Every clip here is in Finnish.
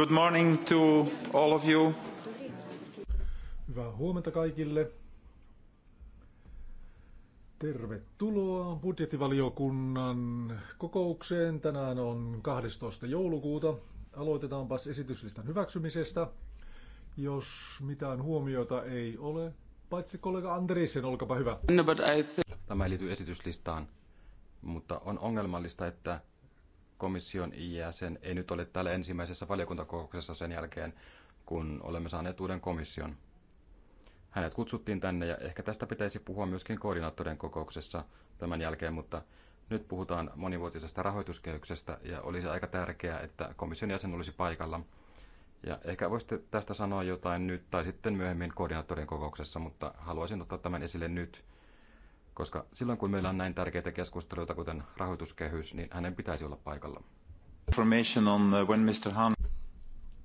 Good morning to all of you. Hyvää huomenta kaikille. Tervetuloa budjettivaliokunnan kokoukseen. Tänään on 12. joulukuuta. Aloitetaanpas esityslistan hyväksymisestä. Jos mitään huomiota ei ole, paitsi kollega Andreessen, olkapa hyvä. No, but I think... Tämä ei liity esityslistaan, mutta on ongelmallista, että komission jäsen ei nyt ole täällä ensimmäisessä valiokuntakokouksessa sen jälkeen, kun olemme saaneet uuden komission. Hänet kutsuttiin tänne ja ehkä tästä pitäisi puhua myöskin koordinaattorien kokouksessa tämän jälkeen, mutta nyt puhutaan monivuotisesta rahoituskehyksestä ja olisi aika tärkeää, että komission jäsen olisi paikalla. Ja ehkä voisitte tästä sanoa jotain nyt tai sitten myöhemmin koordinaattorien kokouksessa, mutta haluaisin ottaa tämän esille nyt – koska silloin kun meillä on näin tärkeitä keskusteluita, kuten rahoituskehys, niin hänen pitäisi olla paikalla. Information on uh, when Mr. Han...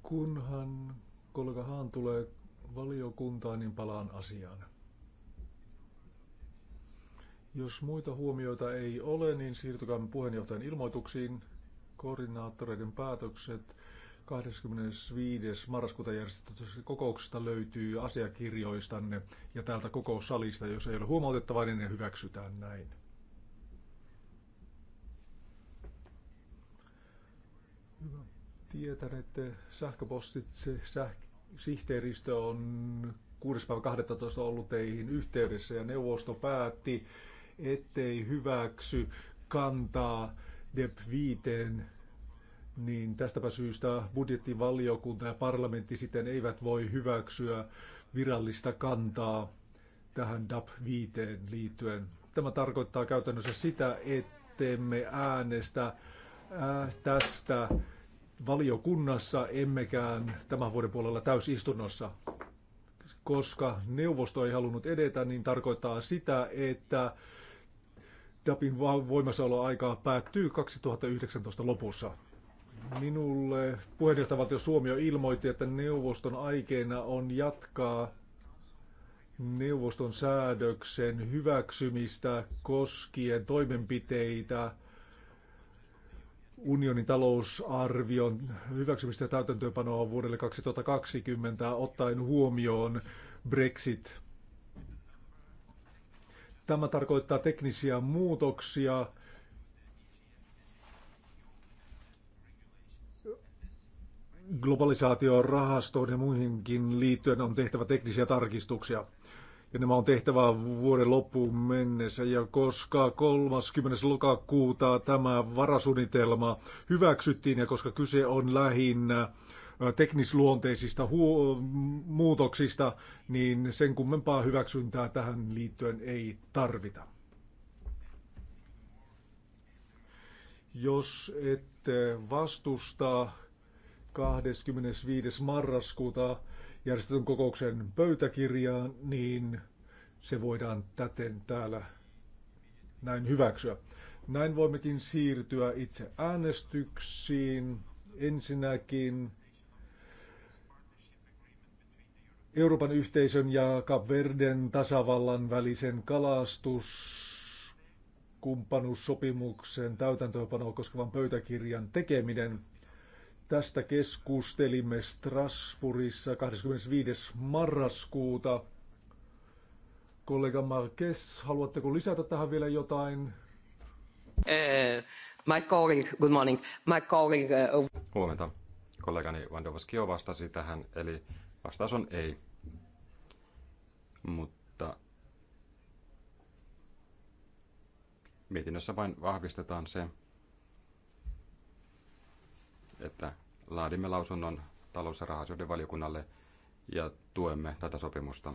Kunhan kollega Haan tulee valiokuntaan, niin palaan asiaan. Jos muita huomioita ei ole, niin siirtykäämme puheenjohtajan ilmoituksiin. Koordinaattoreiden päätökset 25. marraskuuta järjestetystä kokouksesta löytyy asiakirjoistanne ja täältä kokoussalista. Jos ei ole huomautettavaa, niin ne hyväksytään näin. Hyvä. Tietän, että sähköpostitse säh- sihteeristö on 6. päivä 12. ollut teihin yhteydessä ja neuvosto päätti, ettei hyväksy kantaa DEP 5 niin tästäpä syystä budjettivaliokunta ja parlamentti sitten eivät voi hyväksyä virallista kantaa tähän DAP-viiteen liittyen. Tämä tarkoittaa käytännössä sitä, ettemme äänestä ää, tästä valiokunnassa, emmekään tämän vuoden puolella täysistunnossa. Koska neuvosto ei halunnut edetä, niin tarkoittaa sitä, että DAPin voimassaoloaika päättyy 2019 lopussa. Minulle puheenjohtajavaltio Suomi jo ilmoitti, että neuvoston aikeena on jatkaa neuvoston säädöksen hyväksymistä koskien toimenpiteitä unionin talousarvion hyväksymistä täytäntöönpanoa vuodelle 2020 ottaen huomioon Brexit. Tämä tarkoittaa teknisiä muutoksia rahastoon ja muihinkin liittyen on tehtävä teknisiä tarkistuksia. Ja nämä on tehtävä vuoden loppuun mennessä. Ja koska 30. lokakuuta tämä varasuunnitelma hyväksyttiin ja koska kyse on lähinnä teknisluonteisista muutoksista, niin sen kummempaa hyväksyntää tähän liittyen ei tarvita. Jos ette vastusta 25. marraskuuta järjestetyn kokouksen pöytäkirjaan, niin se voidaan täten täällä näin hyväksyä. Näin voimmekin siirtyä itse äänestyksiin. Ensinnäkin Euroopan yhteisön ja Kapverden tasavallan välisen kalastuskumppanuussopimuksen täytäntöönpanoa koskevan pöytäkirjan tekeminen – Tästä keskustelimme Strasbourgissa 25. marraskuuta. Kollega Marques, haluatteko lisätä tähän vielä jotain? Uh, my colleague, good morning. My colleague, uh... Huomenta. Kollegani jo vastasi tähän, eli vastaus on ei. Mutta mietinnössä vain vahvistetaan se, että laadimme lausunnon talous- ja rahasioiden valiokunnalle ja tuemme tätä sopimusta.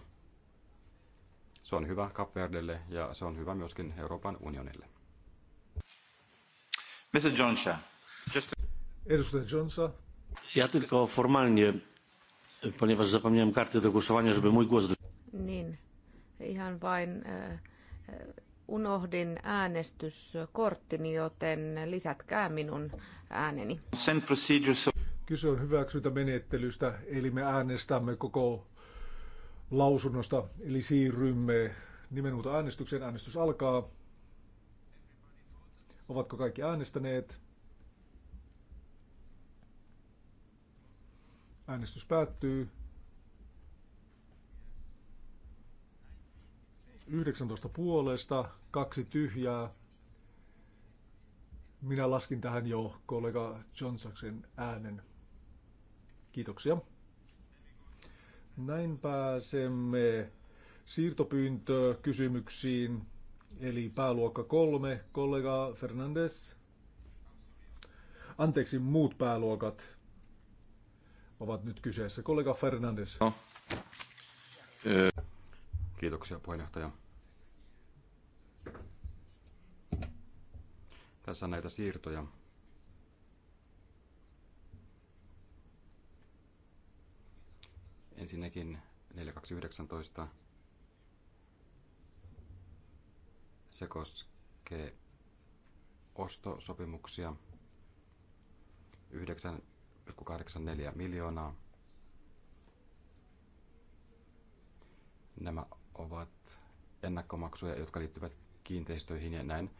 Se on hyvä Kapverdelle ja se on hyvä myöskin Euroopan unionille. Mr. Johnson. Just... Edustaja Johnson. Ja tylko formalnie, ponieważ zapomniałem karty do głosowania, żeby mój głos... Niin, ihan vain äh, unohdin äänestyskorttini, joten lisätkää minun ääneni. Kyse on hyväksyntämenettelystä, eli me äänestämme koko lausunnosta, eli siirrymme nimenhuuto äänestykseen. Äänestys alkaa. Ovatko kaikki äänestäneet? Äänestys päättyy. 19 puolesta, kaksi tyhjää. Minä laskin tähän jo kollega Saksen äänen. Kiitoksia. Näin pääsemme siirtopyyntö kysymyksiin, eli pääluokka kolme, kollega Fernandes. Anteeksi, muut pääluokat ovat nyt kyseessä. Kollega Fernandes. No. Öö. Kiitoksia puheenjohtaja. Tässä on näitä siirtoja. Ensinnäkin 4219. Se koskee ostosopimuksia 9,84 miljoonaa. Nämä ovat ennakkomaksuja, jotka liittyvät kiinteistöihin ja näin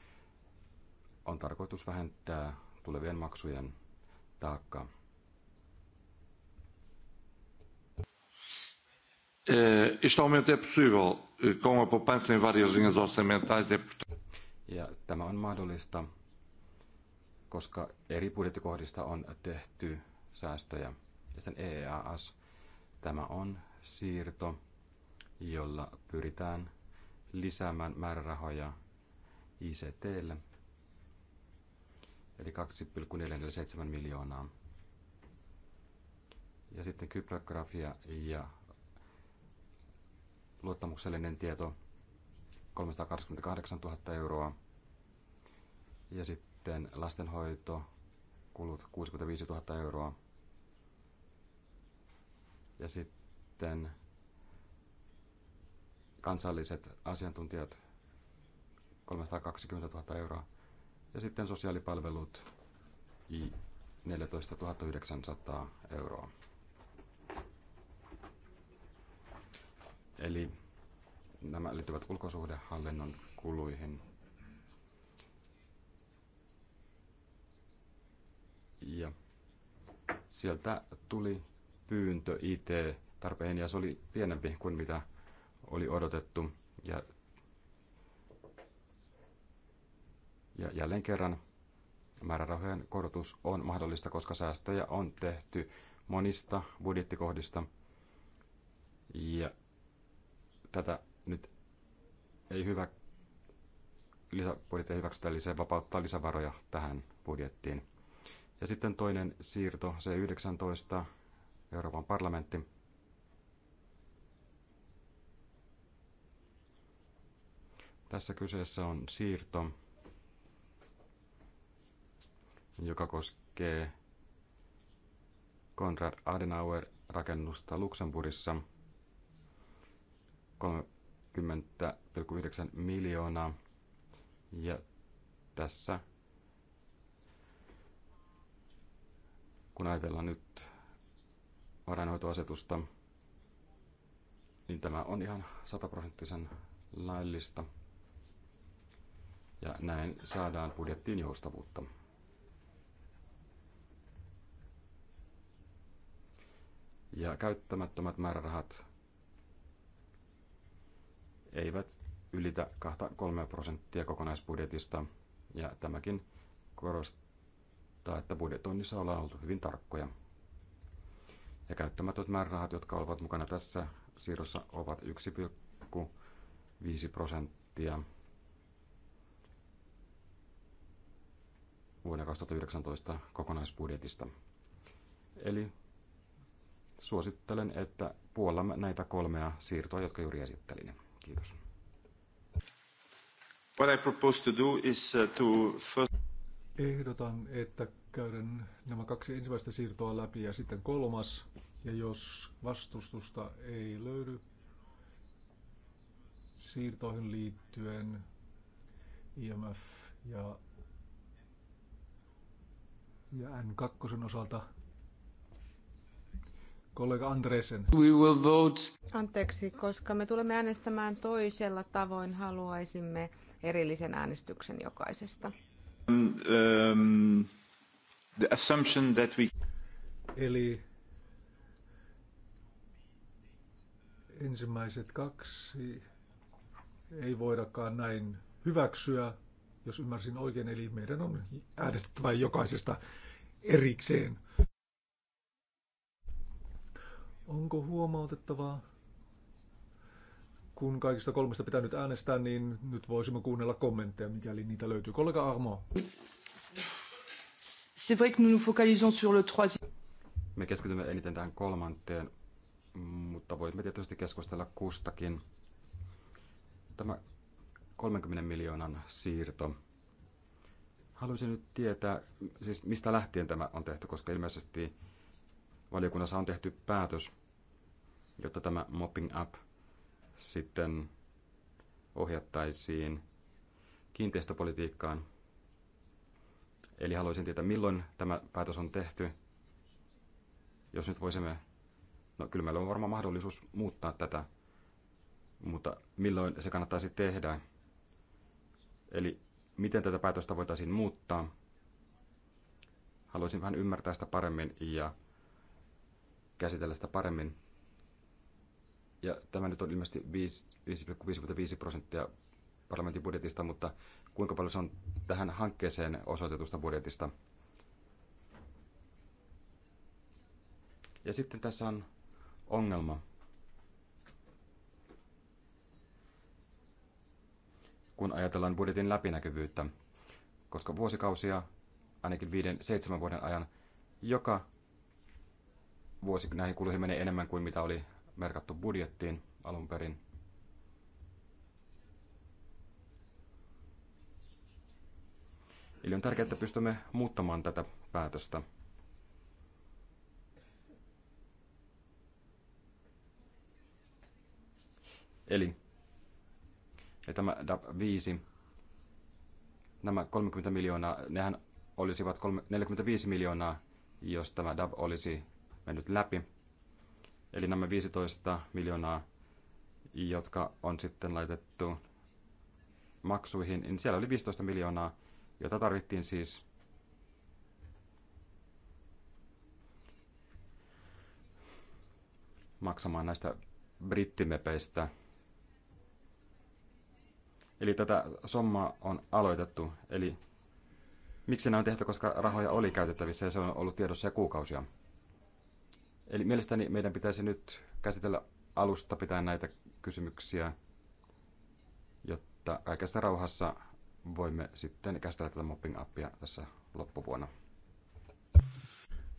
on tarkoitus vähentää tulevien maksujen taakkaa. Eh, este aumento é possível com a poupança em várias linhas orçamentais. É ja tämä on mahdollista, koska eri budjettikohdista on tehty säästöjä. Ja sen EAS, tämä on siirto jolla pyritään lisäämään määrärahoja ICTlle, eli 2,447 miljoonaa. Ja sitten kryptografia ja luottamuksellinen tieto 388 000 euroa. Ja sitten lastenhoito kulut 65 000 euroa. Ja sitten kansalliset asiantuntijat 320 000 euroa ja sitten sosiaalipalvelut 14 900 euroa. Eli nämä liittyvät ulkosuhdehallinnon kuluihin. Ja sieltä tuli pyyntö IT-tarpeen ja se oli pienempi kuin mitä oli odotettu. Ja, ja jälleen kerran määrärahojen korotus on mahdollista, koska säästöjä on tehty monista budjettikohdista. Ja tätä nyt ei hyvä, lisäbudjettia hyväksytä, eli se vapauttaa lisävaroja tähän budjettiin. Ja sitten toinen siirto, se 19, Euroopan parlamentti. Tässä kyseessä on siirto, joka koskee Konrad Adenauer-rakennusta Luxemburgissa 30,9 miljoonaa. Ja tässä, kun ajatellaan nyt varainhoitoasetusta, niin tämä on ihan sataprosenttisen laillista ja näin saadaan budjettiin joustavuutta. Ja käyttämättömät määrärahat eivät ylitä 2-3 prosenttia kokonaisbudjetista, ja tämäkin korostaa, että budjetoinnissa ollaan oltu hyvin tarkkoja. Ja käyttämättömät määrärahat, jotka ovat mukana tässä siirrossa, ovat 1,5 prosenttia vuoden 2019 kokonaisbudjetista. Eli suosittelen, että puollamme näitä kolmea siirtoa, jotka juuri esittelin. Kiitos. What I propose to do is uh, to first... Ehdotan, että käydään nämä kaksi ensimmäistä siirtoa läpi ja sitten kolmas. Ja jos vastustusta ei löydy siirtoihin liittyen, IMF ja ja N2 osalta kollega Andresen. We will vote. Anteeksi, koska me tulemme äänestämään toisella tavoin, haluaisimme erillisen äänestyksen jokaisesta. Um, um, the assumption that we... Eli ensimmäiset kaksi ei voidakaan näin hyväksyä, jos ymmärsin oikein, eli meidän on äänestettävä jokaisesta erikseen. Onko huomautettavaa? Kun kaikista kolmesta pitää nyt äänestää, niin nyt voisimme kuunnella kommentteja, mikäli niitä löytyy. Kollega Armo. C'est vrai que nous nous focalisons sur le troisième. Me keskitymme eniten tähän kolmanteen, mutta voimme tietysti keskustella kustakin. Tämä 30 miljoonan siirto. Haluaisin nyt tietää, siis mistä lähtien tämä on tehty, koska ilmeisesti valiokunnassa on tehty päätös, jotta tämä mopping up sitten ohjattaisiin kiinteistöpolitiikkaan. Eli haluaisin tietää, milloin tämä päätös on tehty. Jos nyt voisimme, no kyllä meillä on varmaan mahdollisuus muuttaa tätä, mutta milloin se kannattaisi tehdä? Eli miten tätä päätöstä voitaisiin muuttaa? Haluaisin vähän ymmärtää sitä paremmin ja käsitellä sitä paremmin. Ja tämä nyt on ilmeisesti 5,55 prosenttia parlamentin budjetista, mutta kuinka paljon se on tähän hankkeeseen osoitetusta budjetista? Ja sitten tässä on ongelma. kun ajatellaan budjetin läpinäkyvyyttä, koska vuosikausia, ainakin viiden, seitsemän vuoden ajan, joka vuosi näihin kuluihin menee enemmän kuin mitä oli merkattu budjettiin alun perin. Eli on tärkeää, että pystymme muuttamaan tätä päätöstä. Eli ja tämä DAP 5, nämä 30 miljoonaa, nehän olisivat 45 miljoonaa, jos tämä DAP olisi mennyt läpi. Eli nämä 15 miljoonaa, jotka on sitten laitettu maksuihin, niin siellä oli 15 miljoonaa, jota tarvittiin siis maksamaan näistä brittimepeistä – Eli tätä sommaa on aloitettu. Eli miksi näin on tehty, koska rahoja oli käytettävissä ja se on ollut tiedossa jo kuukausia. Eli mielestäni meidän pitäisi nyt käsitellä alusta pitää näitä kysymyksiä, jotta kaikessa rauhassa voimme sitten käsitellä tätä mopping appia tässä loppuvuonna.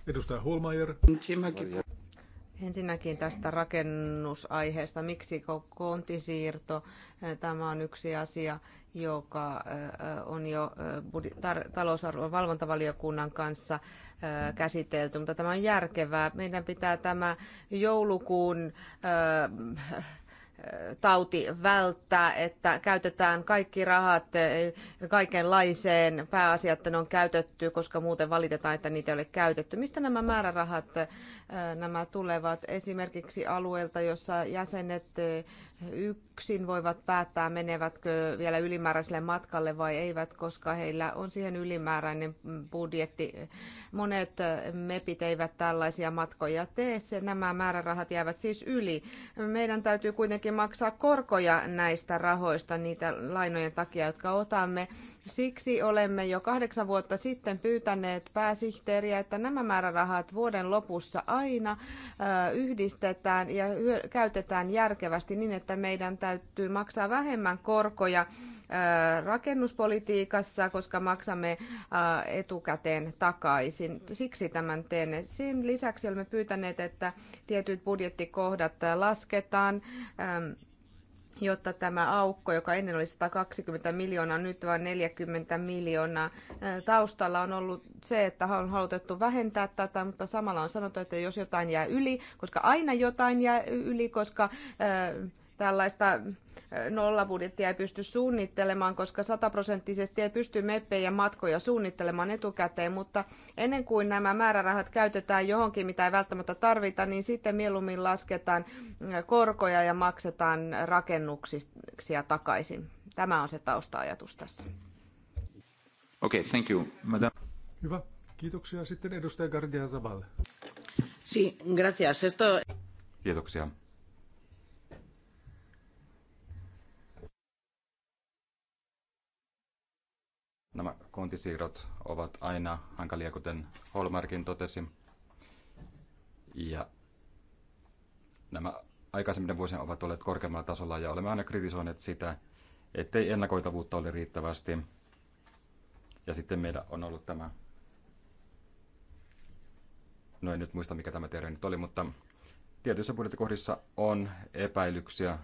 Edustaja Holmeier. Ensinnäkin tästä rakennusaiheesta, miksi kontisiirto, eh, tämä on yksi asia, joka eh, on jo eh, talousarvon valvontavaliokunnan kanssa käsitelty, mutta tämä on järkevää. Meidän pitää tämä joulukuun tauti välttää, että käytetään kaikki rahat e, kaikenlaiseen pääasiat, että ne on käytetty, koska muuten valitetaan, että niitä ei ole käytetty. Mistä nämä määrärahat e, nämä tulevat? Esimerkiksi alueelta, jossa jäsenet e, yksin voivat päättää, menevätkö vielä ylimääräiselle matkalle vai eivät, koska heillä on siihen ylimääräinen budjetti. Monet MEPit eivät tällaisia matkoja tee, se, nämä määrärahat jäävät siis yli. Meidän täytyy kuitenkin maksaa korkoja näistä rahoista, niitä lainojen takia, jotka otamme. Siksi olemme jo kahdeksan vuotta sitten pyytäneet pääsihteeriä, että nämä määrärahat vuoden lopussa aina yhdistetään ja käytetään järkevästi niin, että meidän täytyy täytyy maksaa vähemmän korkoja rakennuspolitiikassa, koska maksamme etukäteen takaisin. Siksi tämän teen. Sen lisäksi olemme pyytäneet, että tietyt budjettikohdat lasketaan jotta tämä aukko, joka ennen oli 120 miljoonaa, nyt vain 40 miljoonaa. Taustalla on ollut se, että on halutettu vähentää tätä, mutta samalla on sanottu, että jos jotain jää yli, koska aina jotain jää yli, koska äh, tällaista nollabudjettia ei pysty suunnittelemaan, koska sataprosenttisesti ei pysty meppejä matkoja suunnittelemaan etukäteen, mutta ennen kuin nämä määrärahat käytetään johonkin, mitä ei välttämättä tarvita, niin sitten mieluummin lasketaan korkoja ja maksetaan rakennuksia takaisin. Tämä on se taustaajatus tässä. Okei, okay, thank you. Madame. Hyvä. Kiitoksia sitten edustaja Gardia Zaval. Sí, gracias. Esto... Kiitoksia Nämä kontisiirrot ovat aina hankalia, kuten Holmarkin totesi. Ja nämä aikaisemmin vuosien ovat olleet korkeammalla tasolla ja olemme aina kritisoineet sitä, ettei ennakoitavuutta ole riittävästi. Ja sitten meillä on ollut tämä, no en nyt muista mikä tämä termi nyt oli, mutta tietyissä budjettikohdissa on epäilyksiä,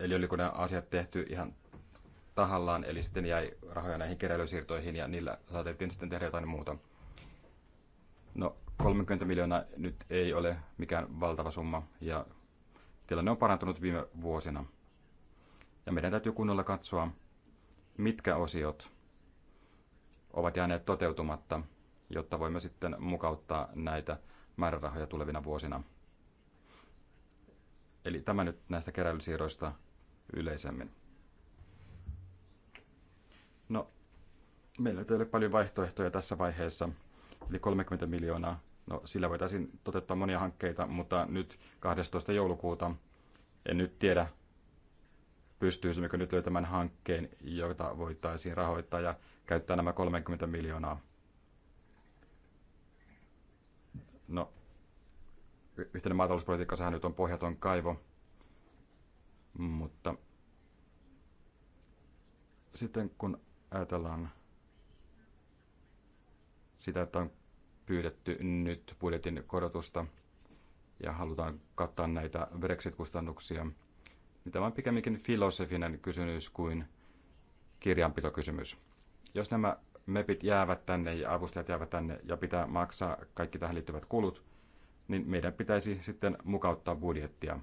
eli oliko nämä asiat tehty ihan tahallaan, eli sitten jäi rahoja näihin keräilysiirtoihin ja niillä saatettiin sitten tehdä jotain muuta. No 30 miljoonaa nyt ei ole mikään valtava summa ja tilanne on parantunut viime vuosina. Ja meidän täytyy kunnolla katsoa, mitkä osiot ovat jääneet toteutumatta, jotta voimme sitten mukauttaa näitä määrärahoja tulevina vuosina. Eli tämä nyt näistä keräilysiirroista yleisemmin. Meillä ei ole paljon vaihtoehtoja tässä vaiheessa, eli 30 miljoonaa. No, sillä voitaisiin toteuttaa monia hankkeita, mutta nyt 12. joulukuuta en nyt tiedä, pystyisimmekö nyt löytämään hankkeen, jota voitaisiin rahoittaa ja käyttää nämä 30 miljoonaa. No, yhtenä maatalouspolitiikka, sehän nyt on pohjaton kaivo, mutta sitten kun ajatellaan sitä, että on pyydetty nyt budjetin korotusta ja halutaan kattaa näitä Brexit-kustannuksia. Niin tämä on pikemminkin filosofinen kysymys kuin kirjanpitokysymys. Jos nämä MEPit jäävät tänne ja avustajat jäävät tänne ja pitää maksaa kaikki tähän liittyvät kulut, niin meidän pitäisi sitten mukauttaa budjettia.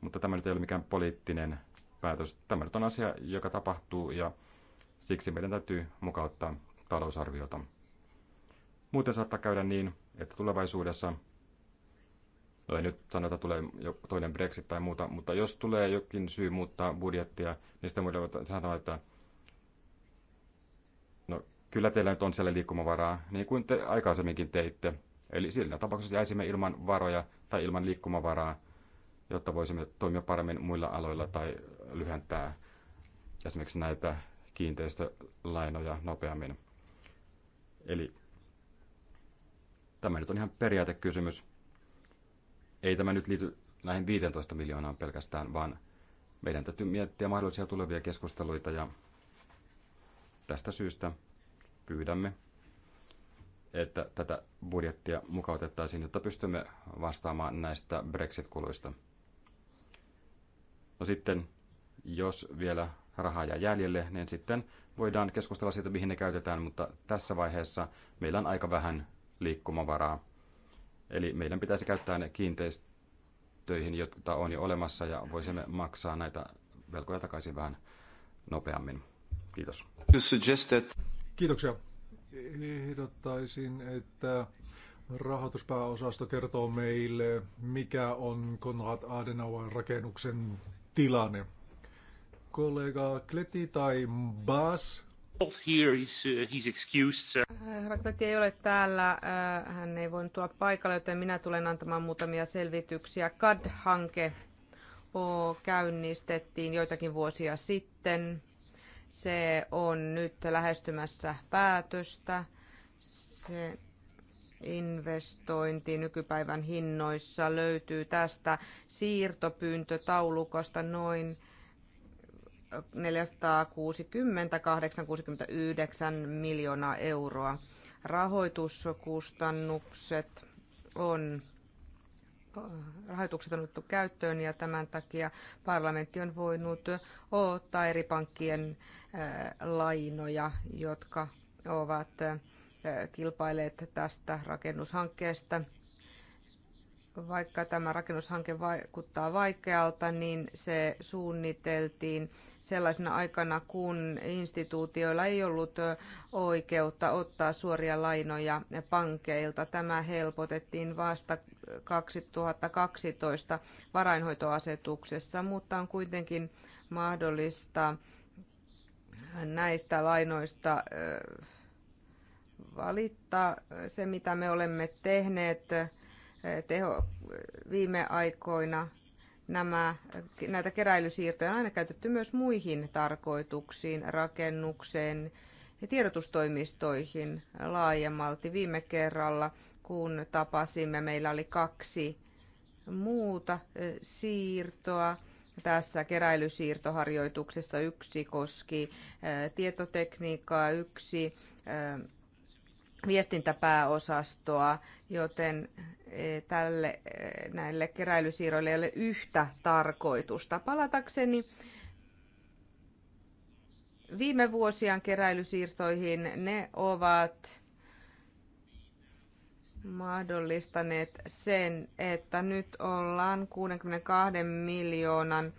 Mutta tämä nyt ei ole mikään poliittinen päätös. Tämä nyt on asia, joka tapahtuu ja siksi meidän täytyy mukauttaa talousarviota. Muuten saattaa käydä niin, että tulevaisuudessa, no ei nyt sanota, tulee jo toinen Brexit tai muuta, mutta jos tulee jokin syy muuttaa budjettia, niin sitten voidaan sanoa, että no kyllä teillä nyt on siellä liikkumavaraa, niin kuin te aikaisemminkin teitte. Eli sillä tapauksessa jäisimme ilman varoja tai ilman liikkumavaraa, jotta voisimme toimia paremmin muilla aloilla tai lyhentää esimerkiksi näitä kiinteistölainoja nopeammin. Eli Tämä nyt on ihan periaatekysymys. Ei tämä nyt liity näihin 15 miljoonaan pelkästään, vaan meidän täytyy miettiä mahdollisia tulevia keskusteluita ja tästä syystä pyydämme, että tätä budjettia mukautettaisiin, jotta pystymme vastaamaan näistä Brexit-kuluista. No sitten, jos vielä rahaa jää jäljelle, niin sitten voidaan keskustella siitä, mihin ne käytetään, mutta tässä vaiheessa meillä on aika vähän liikkumavaraa. Eli meidän pitäisi käyttää ne kiinteistöihin, jotka on jo olemassa, ja voisimme maksaa näitä velkoja takaisin vähän nopeammin. Kiitos. Kiitoksia. Ehdottaisin, että rahoituspääosasto kertoo meille, mikä on Konrad Adenauer rakennuksen tilanne. Kollega Kleti tai Bas, Here is, uh, äh, ei ole täällä, äh, hän ei voinut tulla paikalle, joten minä tulen antamaan muutamia selvityksiä. CAD-hanke käynnistettiin joitakin vuosia sitten. Se on nyt lähestymässä päätöstä. Se investointi nykypäivän hinnoissa löytyy tästä siirtopyyntötaulukosta noin 460-869 miljoonaa euroa. Rahoituskustannukset on rahoitukset on otettu käyttöön ja tämän takia parlamentti on voinut ottaa eri pankkien lainoja, jotka ovat kilpailleet tästä rakennushankkeesta vaikka tämä rakennushanke vaikuttaa vaikealta, niin se suunniteltiin sellaisena aikana, kun instituutioilla ei ollut oikeutta ottaa suoria lainoja pankeilta. Tämä helpotettiin vasta 2012 varainhoitoasetuksessa, mutta on kuitenkin mahdollista näistä lainoista valittaa. Se, mitä me olemme tehneet, teho, viime aikoina nämä, näitä keräilysiirtoja on aina käytetty myös muihin tarkoituksiin, rakennukseen ja tiedotustoimistoihin laajemmalti. Viime kerralla, kun tapasimme, meillä oli kaksi muuta siirtoa. Tässä keräilysiirtoharjoituksessa yksi koski tietotekniikkaa, yksi viestintäpääosastoa, joten Eh, tälle, eh, näille keräilysiirroille ei ole yhtä tarkoitusta. Palatakseni viime vuosien keräilysiirtoihin, ne ovat mahdollistaneet sen, että nyt ollaan 62 miljoonan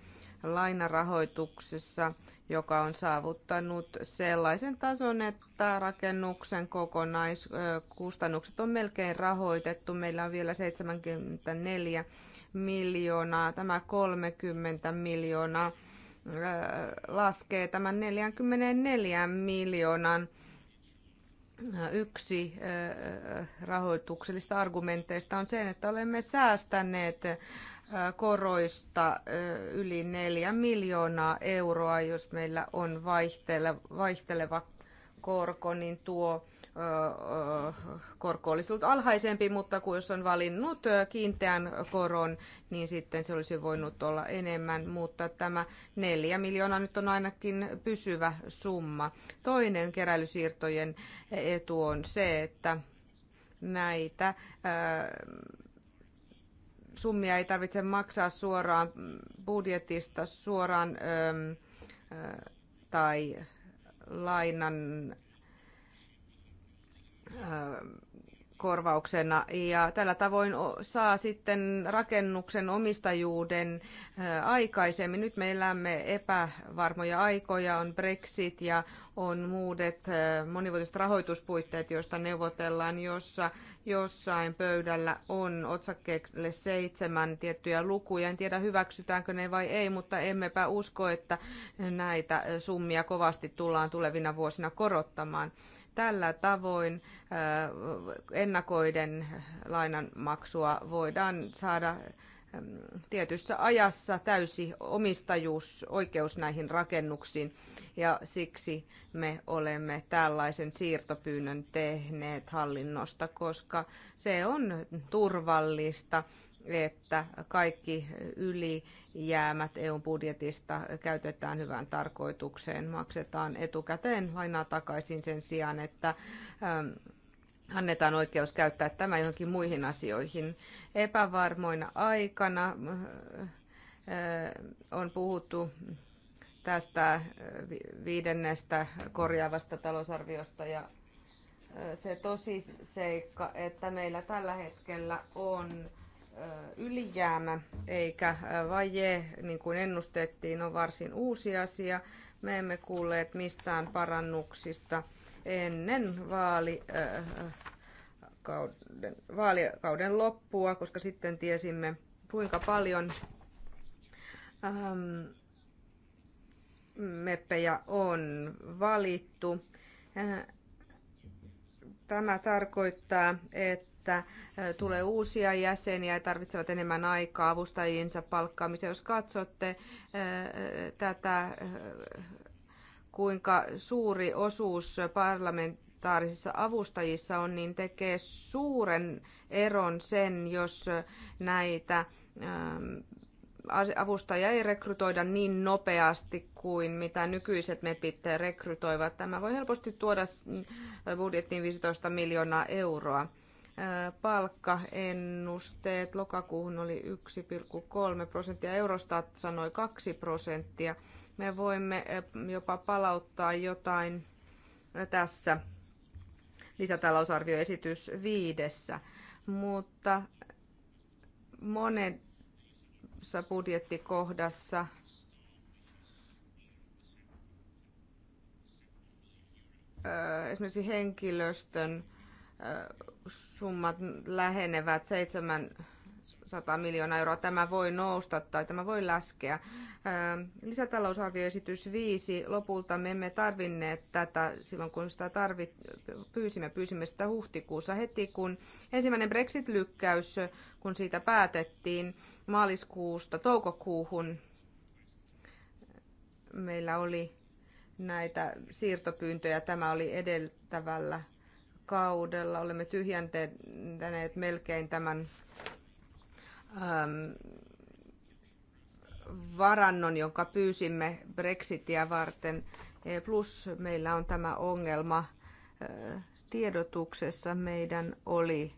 lainarahoituksessa – joka on saavuttanut sellaisen tason, että rakennuksen kokonaiskustannukset on melkein rahoitettu. Meillä on vielä 74 miljoonaa, tämä 30 miljoonaa äh, laskee tämän 44 miljoonan yksi äh, rahoituksellista argumenteista on se, että olemme säästäneet koroista yli 4 miljoonaa euroa, jos meillä on vaihteleva korko, niin tuo korko olisi ollut alhaisempi, mutta kun jos on valinnut kiinteän koron, niin sitten se olisi voinut olla enemmän, mutta tämä neljä miljoonaa nyt on ainakin pysyvä summa. Toinen keräilysiirtojen etu on se, että näitä summia ei tarvitse maksaa suoraan budjetista suoraan tai lainan korvauksena ja tällä tavoin saa sitten rakennuksen omistajuuden aikaisemmin. Nyt me elämme epävarmoja aikoja, on Brexit ja on muudet monivuotiset rahoituspuitteet, joista neuvotellaan, jossa jossain pöydällä on otsakkeelle seitsemän tiettyjä lukuja. En tiedä hyväksytäänkö ne vai ei, mutta emmepä usko, että näitä summia kovasti tullaan tulevina vuosina korottamaan. Tällä tavoin äh, ennakoiden lainanmaksua voidaan saada ähm, tietyssä ajassa täysi omistajuus, oikeus näihin rakennuksiin ja siksi me olemme tällaisen siirtopyynnön tehneet hallinnosta, koska se on turvallista että kaikki ylijäämät EUn budjetista käytetään hyvään tarkoitukseen, maksetaan etukäteen lainaa takaisin sen sijaan, että ähm, annetaan oikeus käyttää tämä johonkin muihin asioihin. Epävarmoina aikana äh, on puhuttu tästä äh, viidennestä korjaavasta talousarviosta ja äh, se tosi seikka, että meillä tällä hetkellä on ylijäämä eikä vaje, niin kuin ennustettiin, on varsin uusi asia. Me emme kuulleet mistään parannuksista ennen vaali, kauden, vaalikauden loppua, koska sitten tiesimme, kuinka paljon ähm, meppejä on valittu. Tämä tarkoittaa, että että tulee uusia jäseniä ja tarvitsevat enemmän aikaa avustajiinsa palkkaamiseen. Jos katsotte tätä, kuinka suuri osuus parlamentaarisissa avustajissa on, niin tekee suuren eron sen, jos näitä avustajia ei rekrytoida niin nopeasti kuin mitä nykyiset MEPit rekrytoivat. Tämä voi helposti tuoda budjettiin 15 miljoonaa euroa palkkaennusteet. Lokakuuhun oli 1,3 prosenttia, Eurostat sanoi 2 prosenttia. Me voimme jopa palauttaa jotain tässä lisätalousarvioesitys viidessä, mutta monessa budjettikohdassa esimerkiksi henkilöstön summat lähenevät 700 miljoonaa euroa. Tämä voi nousta tai tämä voi laskea. Lisätalousarvioesitys 5. Lopulta me emme tarvinneet tätä silloin, kun sitä tarvit, pyysimme. Pyysimme sitä huhtikuussa heti, kun ensimmäinen Brexit-lykkäys, kun siitä päätettiin maaliskuusta toukokuuhun, meillä oli näitä siirtopyyntöjä. Tämä oli edeltävällä kaudella olemme tyhjentäneet melkein tämän äm, varannon, jonka pyysimme Brexitiä varten. Plus meillä on tämä ongelma äh, tiedotuksessa. Meidän oli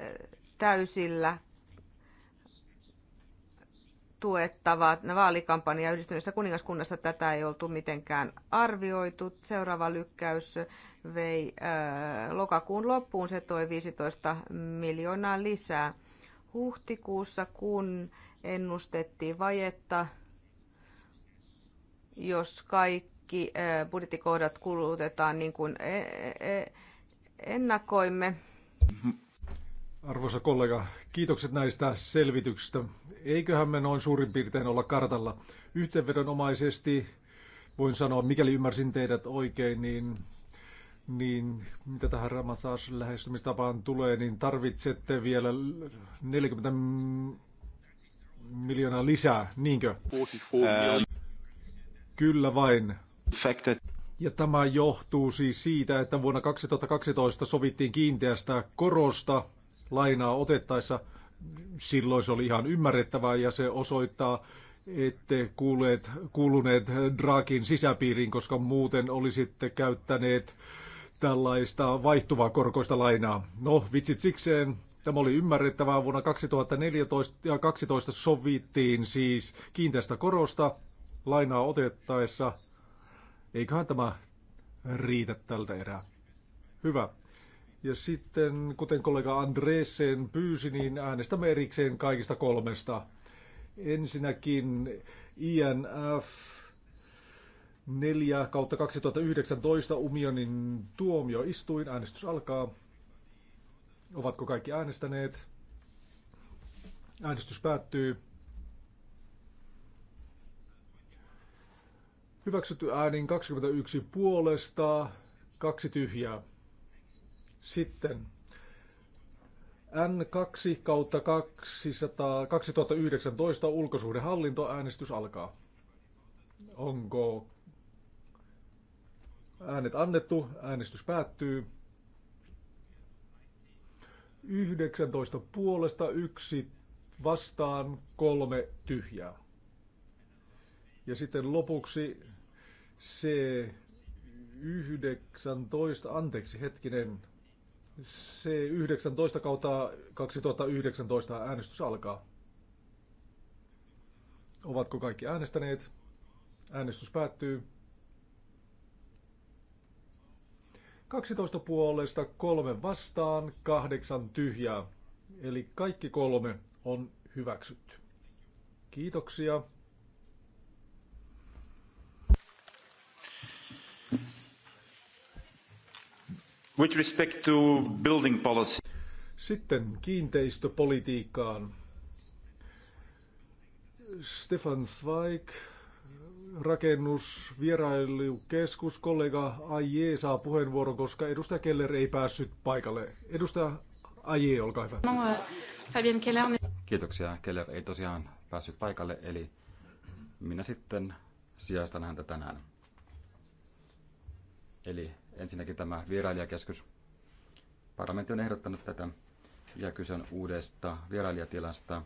äh, täysillä tuettava vaalikampanja yhdistyneessä kuningaskunnassa. Tätä ei oltu mitenkään arvioitu. Seuraava lykkäys vei äh, lokakuun loppuun, se toi 15 miljoonaa lisää. Huhtikuussa, kun ennustettiin vajetta, jos kaikki äh, budjettikohdat kulutetaan niin kuin e, e, ennakoimme. Arvoisa kollega, kiitokset näistä selvityksistä. Eiköhän me noin suurin piirtein olla kartalla. Yhteenvedonomaisesti voin sanoa, mikäli ymmärsin teidät oikein, niin niin mitä tähän Ramasaasin lähestymistapaan tulee, niin tarvitsette vielä 40 miljoonaa lisää, niinkö? Kyllä vain. ja tämä johtuu siis siitä, että vuonna 2012 sovittiin kiinteästä korosta lainaa otettaessa. Silloin se oli ihan ymmärrettävää ja se osoittaa, ette kuuleet, kuuluneet Draakin sisäpiiriin, koska muuten olisitte käyttäneet äh, tällaista vaihtuvaa korkoista lainaa. No, vitsit sikseen. Tämä oli ymmärrettävää. Vuonna 2014 ja 2012 sovittiin siis kiinteästä korosta lainaa otettaessa. Eiköhän tämä riitä tältä erää. Hyvä. Ja sitten, kuten kollega Andreessen pyysi, niin äänestämme erikseen kaikista kolmesta. Ensinnäkin INF 4 kautta 2019 Umionin tuomioistuin. Äänestys alkaa. Ovatko kaikki äänestäneet? Äänestys päättyy. Hyväksytty äänin 21 puolesta, kaksi tyhjää. Sitten N2 kautta 200, 2019 ulkosuhdehallinto äänestys alkaa. Onko Äänet annettu, äänestys päättyy. 19 puolesta, yksi vastaan, kolme tyhjää. Ja sitten lopuksi C19, anteeksi hetkinen, C19 kautta 2019 äänestys alkaa. Ovatko kaikki äänestäneet? Äänestys päättyy. 12 puolesta, kolme vastaan, kahdeksan tyhjää. Eli kaikki kolme on hyväksytty. Kiitoksia. With respect to building policy. Sitten kiinteistöpolitiikkaan. Stefan Zweig, rakennusvierailukeskus. Kollega Aje saa puheenvuoron, koska edustaja Keller ei päässyt paikalle. Edustaja Aje, olkaa hyvä. Kiitoksia. Keller ei tosiaan päässyt paikalle, eli minä sitten sijaistan häntä tänään. Eli ensinnäkin tämä vierailijakeskus. Parlamentti on ehdottanut tätä ja kyse on uudesta vierailijatilasta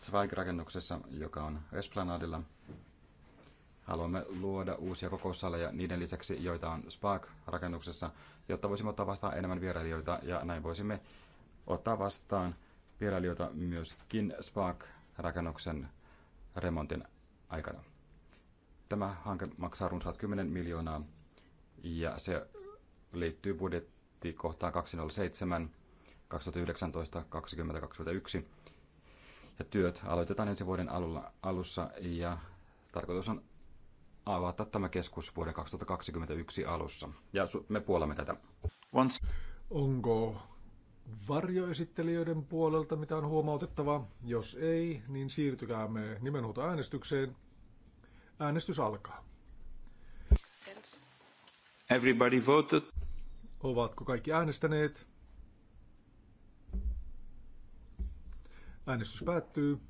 Zweig-rakennuksessa, joka on Esplanadilla. Haluamme luoda uusia kokoussaleja niiden lisäksi, joita on Spark-rakennuksessa, jotta voisimme ottaa vastaan enemmän vierailijoita ja näin voisimme ottaa vastaan vierailijoita myöskin Spark-rakennuksen remontin aikana. Tämä hanke maksaa runsaat 10 miljoonaa ja se liittyy budjettikohtaan 207 2019-2021. Ja työt aloitetaan ensi vuoden alulla, alussa ja tarkoitus on avata tämä keskus vuoden 2021 alussa. Ja me puolamme tätä. Once. Onko varjoesittelijöiden puolelta mitään huomautettavaa? Jos ei, niin siirtykäämme nimenhuuto äänestykseen. Äänestys alkaa. Everybody voted. Ovatko kaikki äänestäneet? Äänestys päättyy.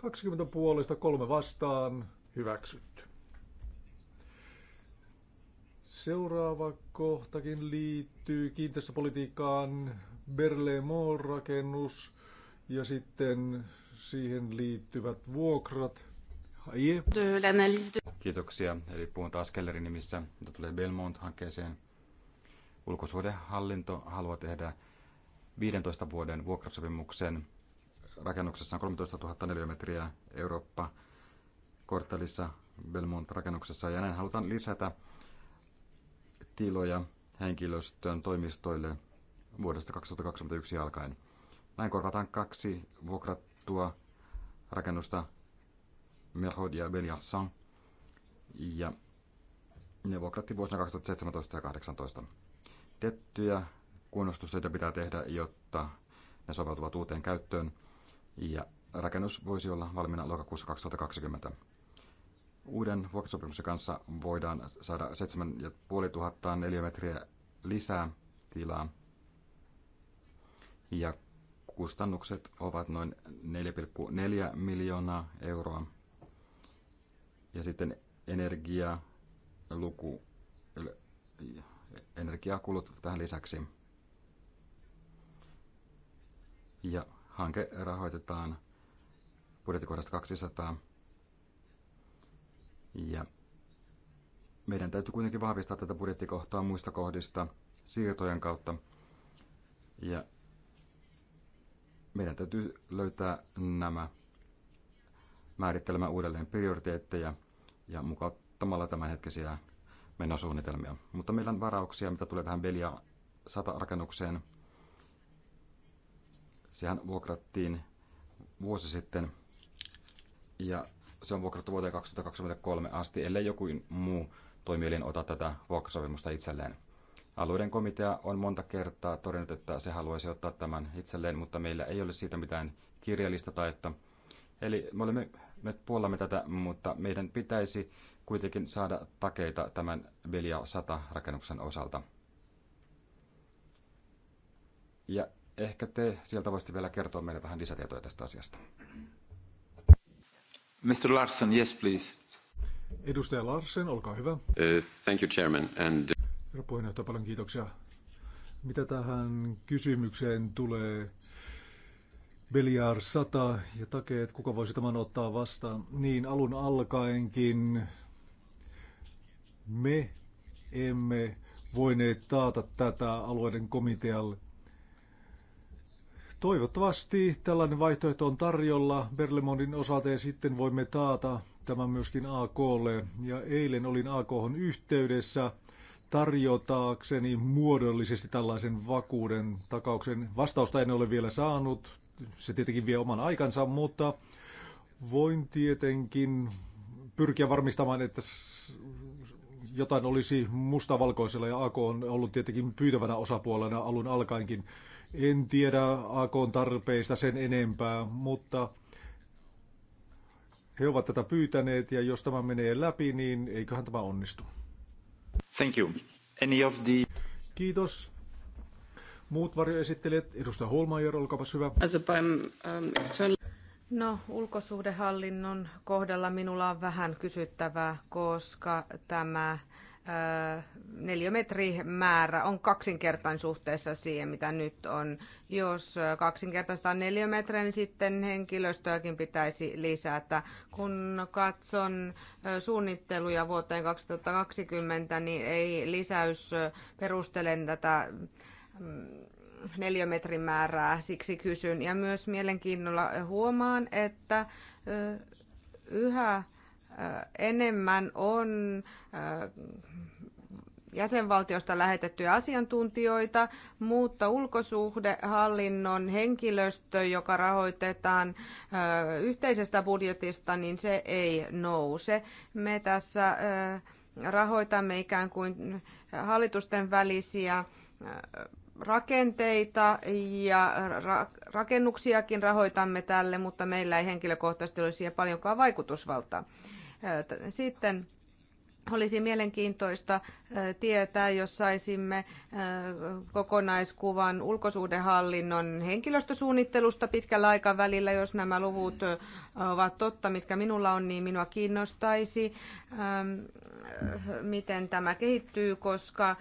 20 puolesta kolme vastaan hyväksytty. Seuraava kohtakin liittyy kiinteistöpolitiikkaan Berlemon-rakennus ja sitten siihen liittyvät vuokrat. Kiitoksia. Eli puhun taas Kellerin nimissä, mitä tulee Belmont-hankkeeseen. Ulkosuhdehallinto haluaa tehdä 15 vuoden vuokrasopimuksen rakennuksessa on 13 000 neliömetriä Eurooppa korttelissa Belmont rakennuksessa ja näin halutaan lisätä tiloja henkilöstön toimistoille vuodesta 2021 alkaen. Näin korvataan kaksi vuokrattua rakennusta Merod ja Beljarsan ja ne vuokrattiin vuosina 2017 ja 2018. Tiettyjä kunnostustöitä pitää tehdä, jotta ne soveltuvat uuteen käyttöön ja rakennus voisi olla valmiina lokakuussa 2020. Uuden vuokrasopimuksen kanssa voidaan saada 7500 neliömetriä lisää tilaa ja kustannukset ovat noin 4,4 miljoonaa euroa. Ja sitten energia, luku, energiakulut tähän lisäksi. Ja Hanke rahoitetaan budjettikohdasta 200. Ja meidän täytyy kuitenkin vahvistaa tätä budjettikohtaa muista kohdista siirtojen kautta. Ja meidän täytyy löytää nämä määrittelemään uudelleen prioriteetteja ja mukauttamalla tämänhetkisiä menosuunnitelmia. Mutta meillä on varauksia, mitä tulee tähän Belia 100 rakennukseen – Sehän vuokrattiin vuosi sitten ja se on vuokrattu vuoteen 2023 asti, ellei joku muu toimielin ota tätä vuokrasopimusta itselleen. Alueiden komitea on monta kertaa todennut, että se haluaisi ottaa tämän itselleen, mutta meillä ei ole siitä mitään kirjallista taetta. Eli me, olemme, me puolamme tätä, mutta meidän pitäisi kuitenkin saada takeita tämän Belia 100 rakennuksen osalta. Ja ehkä te sieltä voisitte vielä kertoa meille vähän lisätietoja tästä asiasta. Mr. Larsen, yes please. Edustaja Larsen, olkaa hyvä. Uh, thank you, Chairman. And... Uh, Herra puheenjohtaja, paljon kiitoksia. Mitä tähän kysymykseen tulee, Beliar 100 ja takeet, kuka voisi tämän ottaa vastaan, niin alun alkaenkin me emme voineet taata tätä alueiden komitealle Toivottavasti tällainen vaihtoehto on tarjolla Berlemondin osalta ja sitten voimme taata tämän myöskin AKlle. Ja eilen olin AKhon yhteydessä tarjotaakseni muodollisesti tällaisen vakuuden takauksen. Vastausta en ole vielä saanut. Se tietenkin vie oman aikansa, mutta voin tietenkin pyrkiä varmistamaan, että jotain olisi mustavalkoisella ja AK on ollut tietenkin pyytävänä osapuolena alun alkaenkin. En tiedä Akon tarpeista sen enempää, mutta he ovat tätä pyytäneet ja jos tämä menee läpi, niin eiköhän tämä onnistu. Thank you. Any of the... Kiitos. Muut varjoesittelijät, edustaja Holmaier, olkaapas hyvä. As um, external... No, ulkosuhdehallinnon kohdalla minulla on vähän kysyttävää, koska tämä Äh, neliömetrimäärä on kaksinkertainen suhteessa siihen, mitä nyt on. Jos äh, kaksinkertaistaan neliömetriä, niin sitten henkilöstöäkin pitäisi lisätä. Kun katson äh, suunnitteluja vuoteen 2020, niin ei lisäys perustelen tätä mm, neliömetrin määrää, siksi kysyn. Ja myös mielenkiinnolla huomaan, että yhä enemmän on jäsenvaltiosta lähetettyjä asiantuntijoita, mutta ulkosuhdehallinnon henkilöstö, joka rahoitetaan yhteisestä budjetista, niin se ei nouse. Me tässä rahoitamme ikään kuin hallitusten välisiä rakenteita ja ra- rakennuksiakin rahoitamme tälle, mutta meillä ei henkilökohtaisesti ole siihen paljonkaan vaikutusvaltaa. Sitten olisi mielenkiintoista äh, tietää, jos saisimme äh, kokonaiskuvan ulkosuhdehallinnon henkilöstösuunnittelusta pitkällä aikavälillä. Jos nämä luvut äh, ovat totta, mitkä minulla on, niin minua kiinnostaisi, ähm, miten tämä kehittyy, koska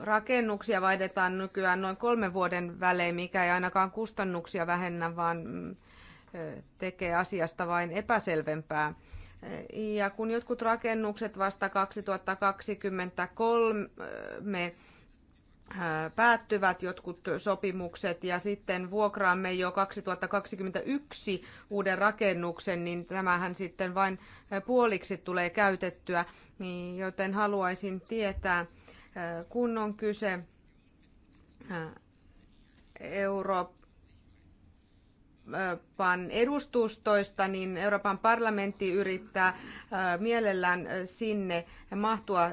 rakennuksia vaihdetaan nykyään noin kolmen vuoden välein, mikä ei ainakaan kustannuksia vähennä, vaan tekee asiasta vain epäselvempää. Ja kun jotkut rakennukset vasta 2023 äh, päättyvät jotkut sopimukset ja sitten vuokraamme jo 2021 uuden rakennuksen, niin tämähän sitten vain äh, puoliksi tulee käytettyä, joten haluaisin tietää, äh, kun on kyse Euroopan Euroopan edustustoista, niin Euroopan parlamentti yrittää mielellään sinne mahtua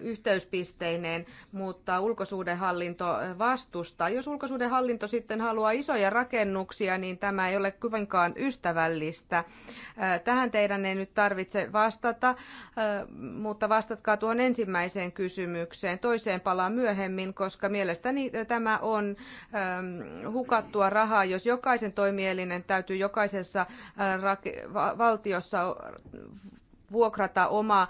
yhteyspisteineen, mutta ulkosuudenhallinto vastustaa. Jos ulkosuudenhallinto sitten haluaa isoja rakennuksia, niin tämä ei ole kuitenkaan ystävällistä. Tähän teidän ei nyt tarvitse vastata, mutta vastatkaa tuohon ensimmäiseen kysymykseen. Toiseen palaan myöhemmin, koska mielestäni tämä on hukattua rahaa, jos joku jokaisen toimielinen täytyy jokaisessa valtiossa vuokrata oma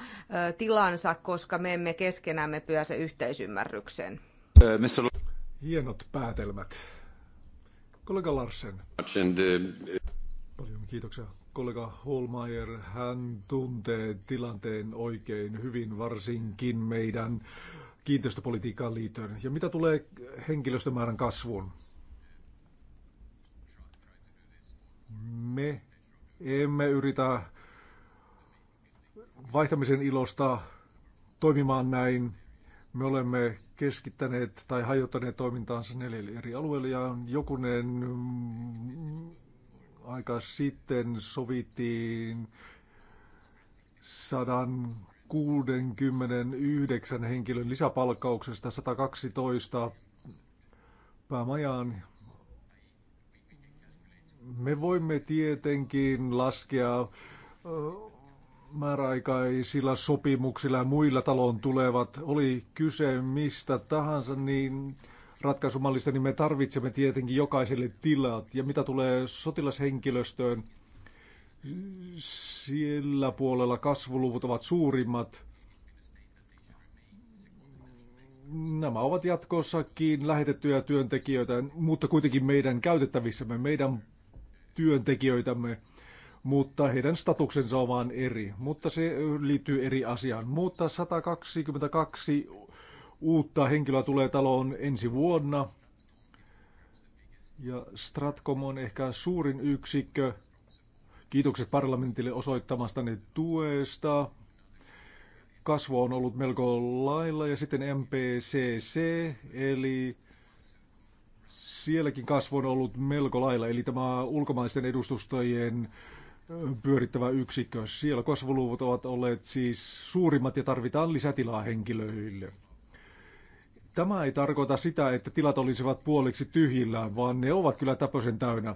tilansa, koska me emme keskenämme pyöse yhteisymmärrykseen. Hienot päätelmät. Kollega Larsen. Paljon kiitoksia. Kollega Holmeier, hän tuntee tilanteen oikein hyvin, varsinkin meidän kiinteistöpolitiikkaan liittyen. Ja mitä tulee henkilöstömäärän kasvuun? Me emme yritä vaihtamisen ilosta toimimaan näin. Me olemme keskittäneet tai hajottaneet toimintaansa neljälle eri alueelle ja jokunen aika sitten sovittiin 169 henkilön lisäpalkkauksesta 112 päämajaan me voimme tietenkin laskea määräaikaisilla sopimuksilla ja muilla talon tulevat, oli kyse mistä tahansa, niin ratkaisumallista, niin me tarvitsemme tietenkin jokaiselle tilat. Ja mitä tulee sotilashenkilöstöön, siellä puolella kasvuluvut ovat suurimmat. Nämä ovat jatkossakin lähetettyjä työntekijöitä, mutta kuitenkin meidän käytettävissämme. Meidän työntekijöitämme, mutta heidän statuksensa on vaan eri, mutta se liittyy eri asiaan. Mutta 122 uutta henkilöä tulee taloon ensi vuonna, ja Stratcom on ehkä suurin yksikkö. Kiitokset parlamentille osoittamastanne tuesta. Kasvu on ollut melko lailla. Ja sitten MPCC, eli sielläkin kasvu on ollut melko lailla, eli tämä ulkomaisten edustustojen pyörittävä yksikkö. Siellä kasvuluvut ovat olleet siis suurimmat ja tarvitaan lisätilaa henkilöille. Tämä ei tarkoita sitä, että tilat olisivat puoliksi tyhjillään, vaan ne ovat kyllä täpösen täynnä.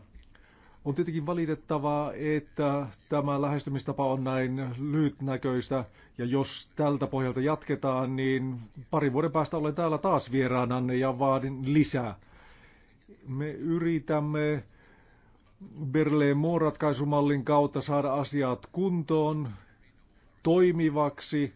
On tietenkin valitettavaa, että tämä lähestymistapa on näin lyhytnäköistä, ja jos tältä pohjalta jatketaan, niin parin vuoden päästä olen täällä taas vieraananne ja vaadin lisää me yritämme Berlemo ratkaisumallin kautta saada asiat kuntoon toimivaksi.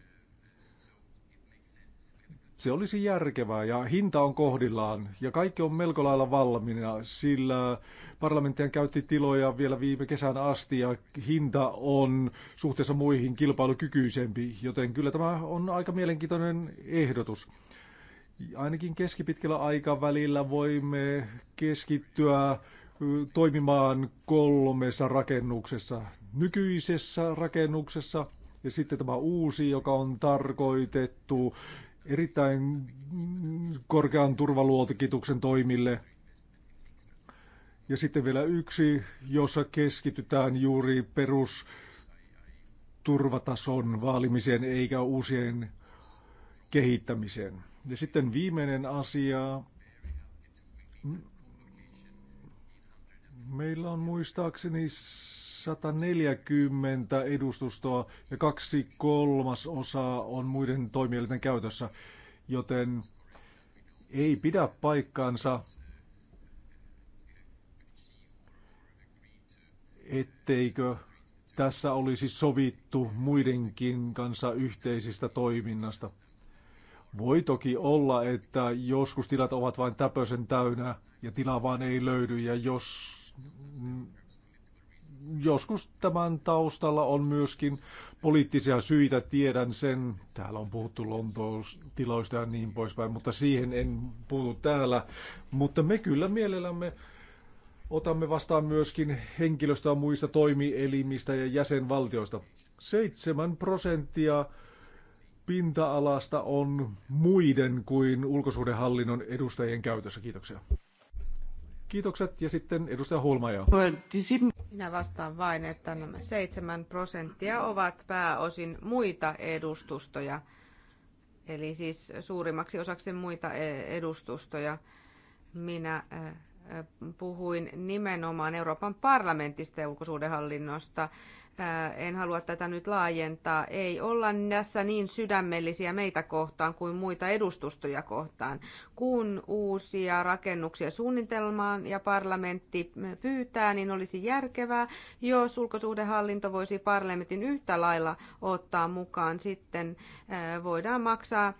Se olisi järkevää ja hinta on kohdillaan ja kaikki on melko lailla valmiina, sillä parlamenttien käytti tiloja vielä viime kesän asti ja hinta on suhteessa muihin kilpailukykyisempi, joten kyllä tämä on aika mielenkiintoinen ehdotus ainakin keskipitkällä aikavälillä voimme keskittyä toimimaan kolmessa rakennuksessa. Nykyisessä rakennuksessa ja sitten tämä uusi, joka on tarkoitettu erittäin korkean turvaluotikituksen toimille. Ja sitten vielä yksi, jossa keskitytään juuri perus turvatason vaalimiseen eikä uusien kehittämiseen. Ja sitten viimeinen asia. Meillä on muistaakseni 140 edustustoa ja kaksi kolmasosaa on muiden toimielinten käytössä, joten ei pidä paikkaansa, etteikö tässä olisi sovittu muidenkin kanssa yhteisistä toiminnasta. Voi toki olla, että joskus tilat ovat vain täpösen täynnä ja tilaa vaan ei löydy ja jos joskus tämän taustalla on myöskin poliittisia syitä, tiedän sen. Täällä on puhuttu Lontoon tiloista ja niin poispäin, mutta siihen en puhu täällä. Mutta me kyllä mielellämme otamme vastaan myöskin henkilöstöä muista toimielimistä ja jäsenvaltioista. 7 prosenttia pinta-alasta on muiden kuin ulkosuhdehallinnon edustajien käytössä. Kiitoksia. Kiitokset ja sitten edustaja Hulmaja. Minä vastaan vain, että nämä 7 prosenttia ovat pääosin muita edustustoja, eli siis suurimmaksi osaksi muita e- edustustoja. Minä e, e, puhuin nimenomaan Euroopan parlamentista ja ulkosuhdehallinnosta en halua tätä nyt laajentaa, ei olla tässä niin sydämellisiä meitä kohtaan kuin muita edustustoja kohtaan. Kun uusia rakennuksia suunnitelmaan ja parlamentti pyytää, niin olisi järkevää, jos ulkosuhdehallinto voisi parlamentin yhtä lailla ottaa mukaan. Sitten voidaan maksaa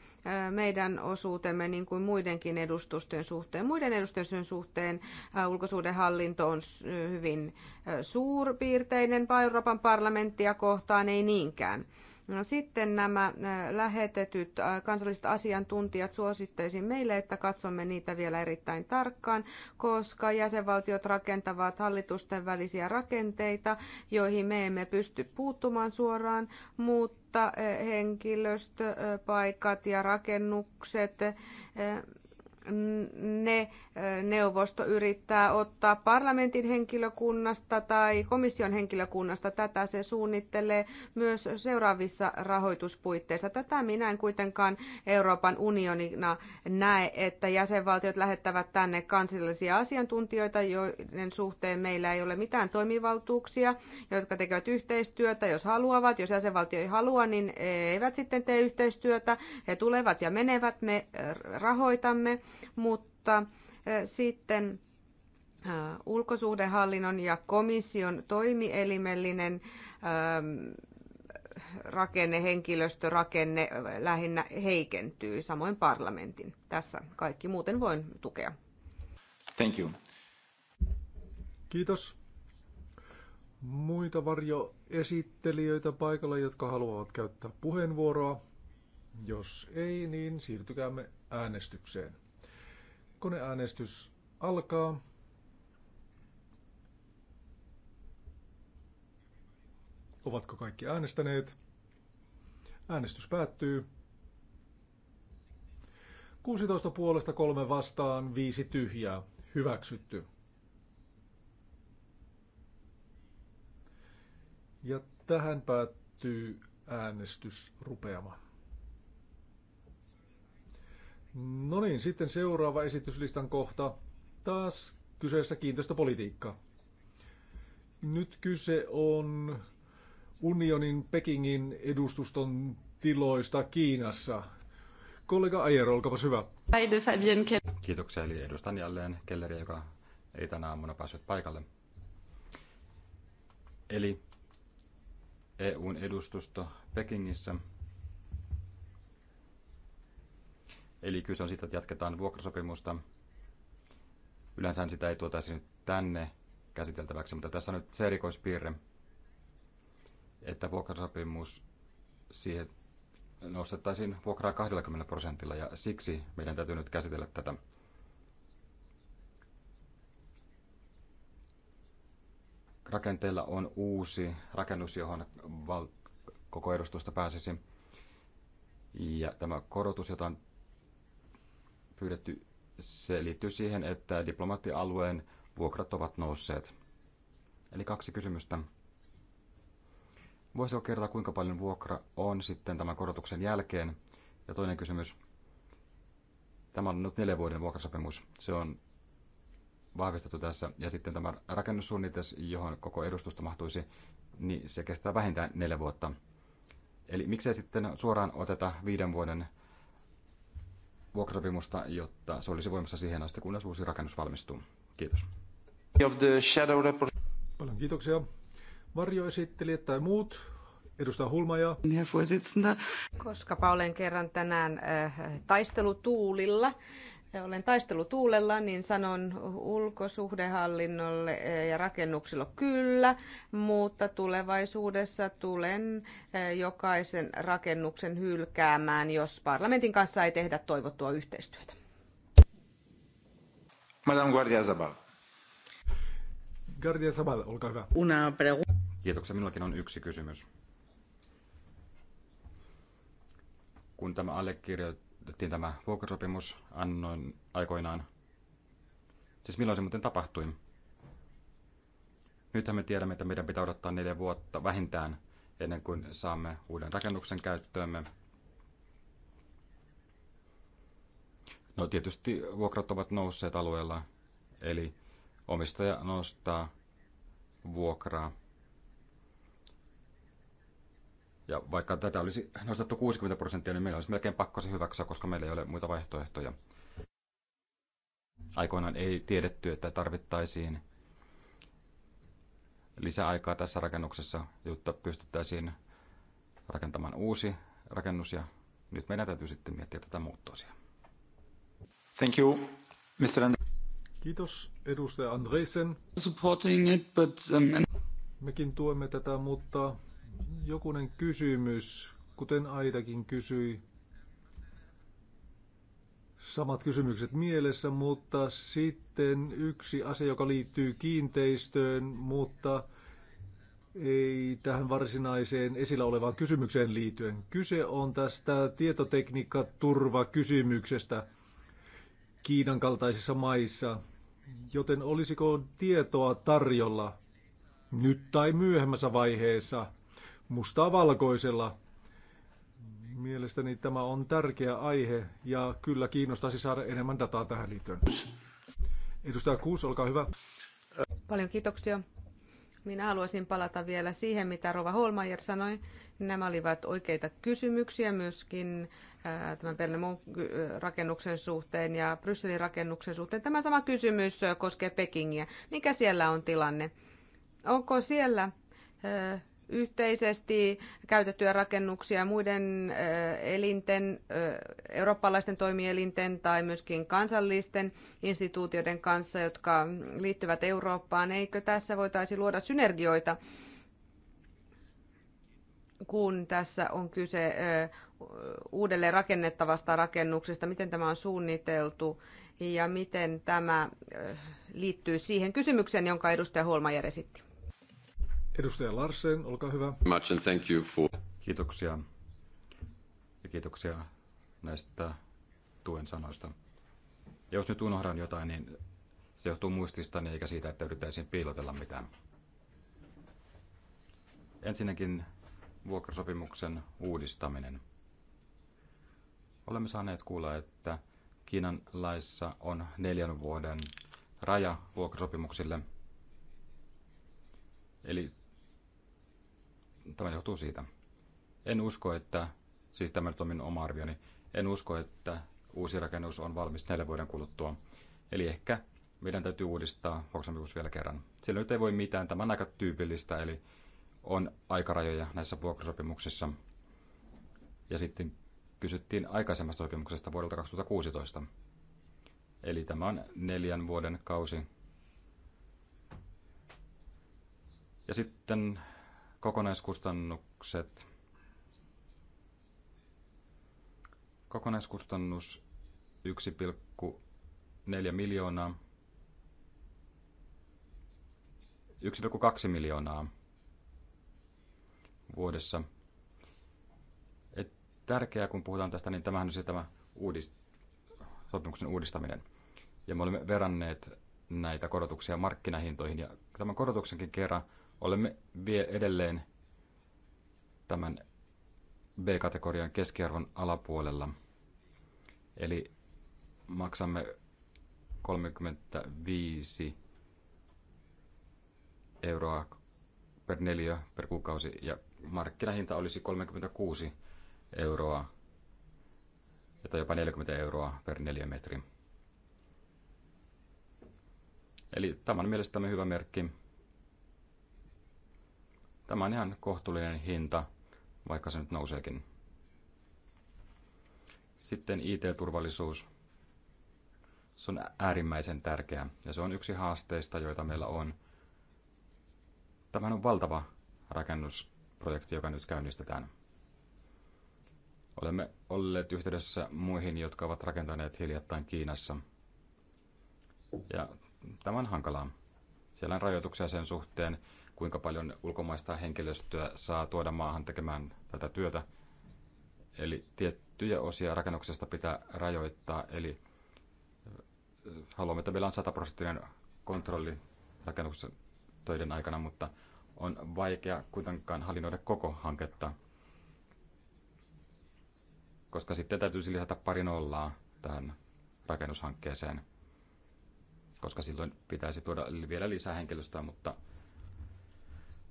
meidän osuutemme niin kuin muidenkin edustusten suhteen. Muiden edustusten suhteen ulkosuudenhallinto on hyvin suurpiirteinen Euroopan parlamenttia kohtaan, ei niinkään. No, sitten nämä äh, lähetetyt äh, kansalliset asiantuntijat suosittaisin meille, että katsomme niitä vielä erittäin tarkkaan, koska jäsenvaltiot rakentavat hallitusten välisiä rakenteita, joihin me emme pysty puuttumaan suoraan, mutta äh, henkilöstöpaikat ja rakennukset ne neuvosto yrittää ottaa parlamentin henkilökunnasta tai komission henkilökunnasta. Tätä se suunnittelee myös seuraavissa rahoituspuitteissa. Tätä minä en kuitenkaan Euroopan unionina näe, että jäsenvaltiot lähettävät tänne kansallisia asiantuntijoita, joiden suhteen meillä ei ole mitään toimivaltuuksia, jotka tekevät yhteistyötä, jos haluavat. Jos jäsenvaltio ei halua, niin eivät sitten tee yhteistyötä. He tulevat ja menevät, me rahoitamme mutta sitten ulkosuhdehallinnon ja komission toimielimellinen rakenne, henkilöstörakenne lähinnä heikentyy, samoin parlamentin. Tässä kaikki muuten voin tukea. Thank you. Kiitos. Muita varjoesittelijöitä paikalla, jotka haluavat käyttää puheenvuoroa. Jos ei, niin siirtykäämme äänestykseen. Koneäänestys alkaa. Ovatko kaikki äänestäneet? Äänestys päättyy. 16 puolesta kolme vastaan, viisi tyhjää. Hyväksytty. Ja tähän päättyy äänestysrupeama. No niin, sitten seuraava esityslistan kohta. Taas kyseessä kiinteistöpolitiikka. Nyt kyse on unionin Pekingin edustuston tiloista Kiinassa. Kollega Ayer, olkaa hyvä. Kiitoksia, eli edustan jälleen kelleriä, joka ei tänä aamuna päässyt paikalle. Eli EUn edustusto Pekingissä – Eli kyse on siitä, että jatketaan vuokrasopimusta. Yleensä sitä ei tuotaisi nyt tänne käsiteltäväksi, mutta tässä on nyt se erikoispiirre, että vuokrasopimus siihen nostettaisiin vuokraa 20 prosentilla ja siksi meidän täytyy nyt käsitellä tätä. Rakenteella on uusi rakennus, johon val- koko edustusta pääsisi. Ja tämä korotus, jota on pyydetty, se liittyy siihen, että diplomaattialueen vuokrat ovat nousseet. Eli kaksi kysymystä. Voisiko kertoa, kuinka paljon vuokra on sitten tämän korotuksen jälkeen? Ja toinen kysymys. Tämä on nyt neljän vuoden vuokrasopimus. Se on vahvistettu tässä. Ja sitten tämä rakennussuunnitelma, johon koko edustusta mahtuisi, niin se kestää vähintään neljä vuotta. Eli miksei sitten suoraan oteta viiden vuoden vuokrasopimusta, jotta se olisi voimassa siihen asti, kunnes uusi rakennus valmistuu. Kiitos. Paljon kiitoksia. Varjoesittelijät tai muut, edustaja Hulmaja. Herr Koskapa olen kerran tänään äh, taistelutuulilla, olen taistelutuulella, niin sanon ulkosuhdehallinnolle eh, ja rakennuksilla kyllä, mutta tulevaisuudessa tulen eh, jokaisen rakennuksen hylkäämään, jos parlamentin kanssa ei tehdä toivottua yhteistyötä. Madame Guardia Zabal. Guardia Zabal, olkaa hyvä. Una Kiitoksia. Minullakin on yksi kysymys. Kun tämä allekirjoittaa otettiin tämä vuokrasopimus annoin aikoinaan? Siis milloin se muuten tapahtui? Nythän me tiedämme, että meidän pitää odottaa neljä vuotta vähintään ennen kuin saamme uuden rakennuksen käyttöömme. No tietysti vuokrat ovat nousseet alueella, eli omistaja nostaa vuokraa ja vaikka tätä olisi nostettu 60 prosenttia, niin meillä olisi melkein pakko se hyväksyä, koska meillä ei ole muita vaihtoehtoja. Aikoinaan ei tiedetty, että tarvittaisiin lisäaikaa tässä rakennuksessa, jotta pystyttäisiin rakentamaan uusi rakennus ja nyt meidän täytyy sitten miettiä tätä muuttoisia. Thank you, Mr. And- Kiitos edustaja Andreisen. Supporting it, but, um... Mekin tuemme tätä, mutta jokunen kysymys, kuten Aidakin kysyi. Samat kysymykset mielessä, mutta sitten yksi asia, joka liittyy kiinteistöön, mutta ei tähän varsinaiseen esillä olevaan kysymykseen liittyen. Kyse on tästä tietotekniikkaturvakysymyksestä Kiinan kaltaisissa maissa. Joten olisiko tietoa tarjolla nyt tai myöhemmässä vaiheessa – mustaa valkoisella. Mielestäni tämä on tärkeä aihe ja kyllä kiinnostaisi saada enemmän dataa tähän liittyen. Edustaja Kuus, olkaa hyvä. Paljon kiitoksia. Minä haluaisin palata vielä siihen, mitä Rova Holmajer sanoi. Nämä olivat oikeita kysymyksiä myöskin tämän Pernemon rakennuksen suhteen ja Brysselin rakennuksen suhteen. Tämä sama kysymys koskee Pekingiä. Mikä siellä on tilanne? Onko siellä yhteisesti käytettyjä rakennuksia muiden elinten, eurooppalaisten toimielinten tai myöskin kansallisten instituutioiden kanssa, jotka liittyvät Eurooppaan. Eikö tässä voitaisi luoda synergioita, kun tässä on kyse uudelleen rakennettavasta rakennuksesta? Miten tämä on suunniteltu ja miten tämä liittyy siihen kysymykseen, jonka edustaja Holmajer esitti? Edustaja Larsen, olkaa hyvä. Much and thank you for... Kiitoksia. Ja kiitoksia näistä tuen sanoista. Ja jos nyt unohdan jotain, niin se johtuu muististani eikä siitä, että yrittäisin piilotella mitään. Ensinnäkin vuokrasopimuksen uudistaminen. Olemme saaneet kuulla, että Kiinan laissa on neljän vuoden raja vuokrasopimuksille. Eli tämä johtuu siitä. En usko, että, siis tämä nyt on minun oma arvioni, en usko, että uusi rakennus on valmis neljän vuoden kuluttua. Eli ehkä meidän täytyy uudistaa vuokrasopimus vielä kerran. Sillä nyt ei voi mitään, tämä on aika tyypillistä, eli on aikarajoja näissä vuokrasopimuksissa. Ja sitten kysyttiin aikaisemmasta sopimuksesta vuodelta 2016. Eli tämä on neljän vuoden kausi. Ja sitten kokonaiskustannukset. Kokonaiskustannus 1,4 miljoonaa. 1,2 miljoonaa vuodessa. Et tärkeää, kun puhutaan tästä, niin tämähän on se siis tämä uudist- sopimuksen uudistaminen. Ja me olemme veranneet näitä korotuksia markkinahintoihin. Ja tämän korotuksenkin kerran olemme vie edelleen tämän B-kategorian keskiarvon alapuolella. Eli maksamme 35 euroa per neliö per kuukausi ja markkinahinta olisi 36 euroa tai jopa 40 euroa per neliömetri. Eli tämä on mielestämme hyvä merkki. Tämä on ihan kohtuullinen hinta, vaikka se nyt nouseekin. Sitten IT-turvallisuus. Se on äärimmäisen tärkeä ja se on yksi haasteista, joita meillä on. Tämä on valtava rakennusprojekti, joka nyt käynnistetään. Olemme olleet yhteydessä muihin, jotka ovat rakentaneet hiljattain Kiinassa. Ja tämä on hankalaa. Siellä on rajoituksia sen suhteen, kuinka paljon ulkomaista henkilöstöä saa tuoda maahan tekemään tätä työtä. Eli tiettyjä osia rakennuksesta pitää rajoittaa, eli haluamme, että meillä on sataprosenttinen prosenttinen kontrolli rakennuksen töiden aikana, mutta on vaikea kuitenkaan hallinnoida koko hanketta, koska sitten täytyisi lisätä pari nollaa tähän rakennushankkeeseen, koska silloin pitäisi tuoda vielä lisää henkilöstöä, mutta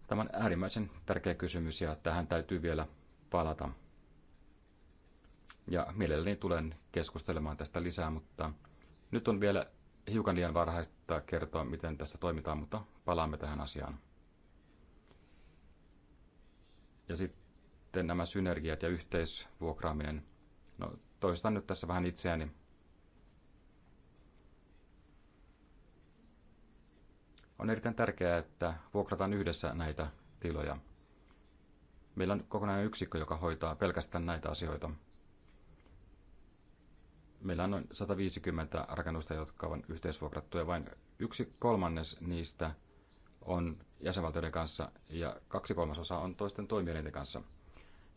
Tämä on äärimmäisen tärkeä kysymys ja tähän täytyy vielä palata. Ja mielelläni tulen keskustelemaan tästä lisää, mutta nyt on vielä hiukan liian varhaista kertoa, miten tässä toimitaan, mutta palaamme tähän asiaan. Ja sitten nämä synergiat ja yhteisvuokraaminen. No, toistan nyt tässä vähän itseäni, On erittäin tärkeää, että vuokrataan yhdessä näitä tiloja. Meillä on kokonainen yksikkö, joka hoitaa pelkästään näitä asioita. Meillä on noin 150 rakennusta, jotka ovat yhteisvuokrattuja. Vain yksi kolmannes niistä on jäsenvaltioiden kanssa ja kaksi kolmasosaa on toisten toimijoiden kanssa.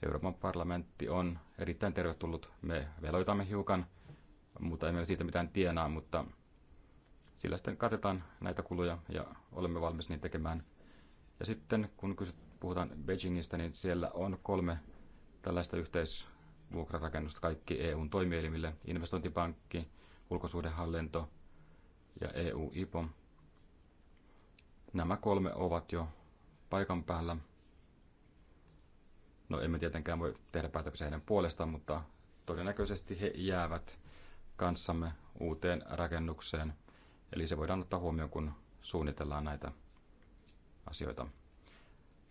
Euroopan parlamentti on erittäin tervetullut. Me veloitamme hiukan, mutta emme siitä mitään tienaa, mutta sillä sitten katetaan näitä kuluja ja olemme valmis niin tekemään. Ja sitten kun puhutaan Beijingistä, niin siellä on kolme tällaista yhteisvuokrarakennusta kaikki EUn toimielimille, investointipankki, ulkosuhdehallinto ja EU-IPO. Nämä kolme ovat jo paikan päällä. No emme tietenkään voi tehdä päätöksiä heidän puolestaan, mutta todennäköisesti he jäävät kanssamme uuteen rakennukseen – Eli se voidaan ottaa huomioon, kun suunnitellaan näitä asioita.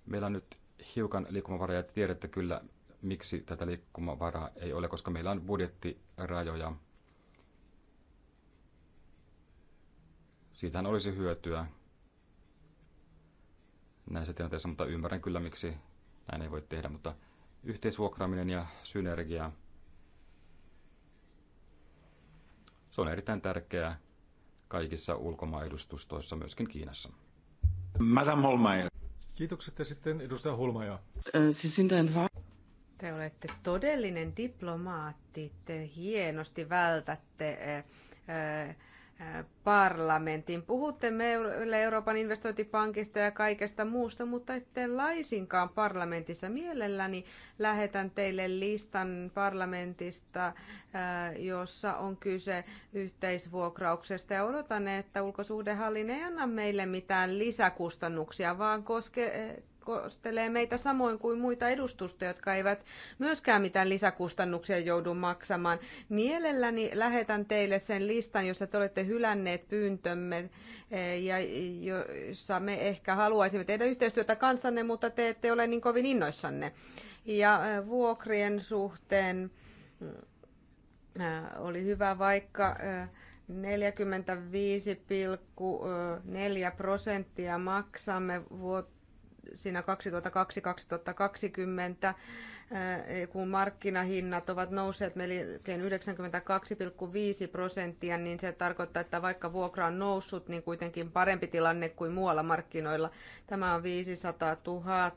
Meillä on nyt hiukan liikkumavaraa ja tiedätte kyllä, miksi tätä liikkumavaraa ei ole, koska meillä on budjettirajoja. Siitähän olisi hyötyä näissä tilanteissa, mutta ymmärrän kyllä, miksi näin ei voi tehdä, mutta yhteisvuokraaminen ja synergia, se on erittäin tärkeää kaikissa ulkomaanedustustoissa, myöskin Kiinassa. Madame Holmeier. Kiitokset ja sitten edustaja Holmaja. Te olette todellinen diplomaatti, te hienosti vältätte äh, parlamentin. Puhutte meille Euroopan investointipankista ja kaikesta muusta, mutta ette laisinkaan parlamentissa. Mielelläni lähetän teille listan parlamentista, jossa on kyse yhteisvuokrauksesta. Ja odotan, että ulkosuhdehallin ei anna meille mitään lisäkustannuksia, vaan koske kostelee meitä samoin kuin muita edustustoja, jotka eivät myöskään mitään lisäkustannuksia joudu maksamaan. Mielelläni lähetän teille sen listan, jossa te olette hylänneet pyyntömme eh, ja jossa me ehkä haluaisimme tehdä yhteistyötä kanssanne, mutta te ette ole niin kovin innoissanne. Ja eh, vuokrien suhteen mm, eh, oli hyvä vaikka 45,4 prosenttia maksamme vuotta siinä 2002-2020, äh, kun markkinahinnat ovat nousseet melkein 92,5 prosenttia, niin se tarkoittaa, että vaikka vuokra on noussut, niin kuitenkin parempi tilanne kuin muualla markkinoilla. Tämä on 500 000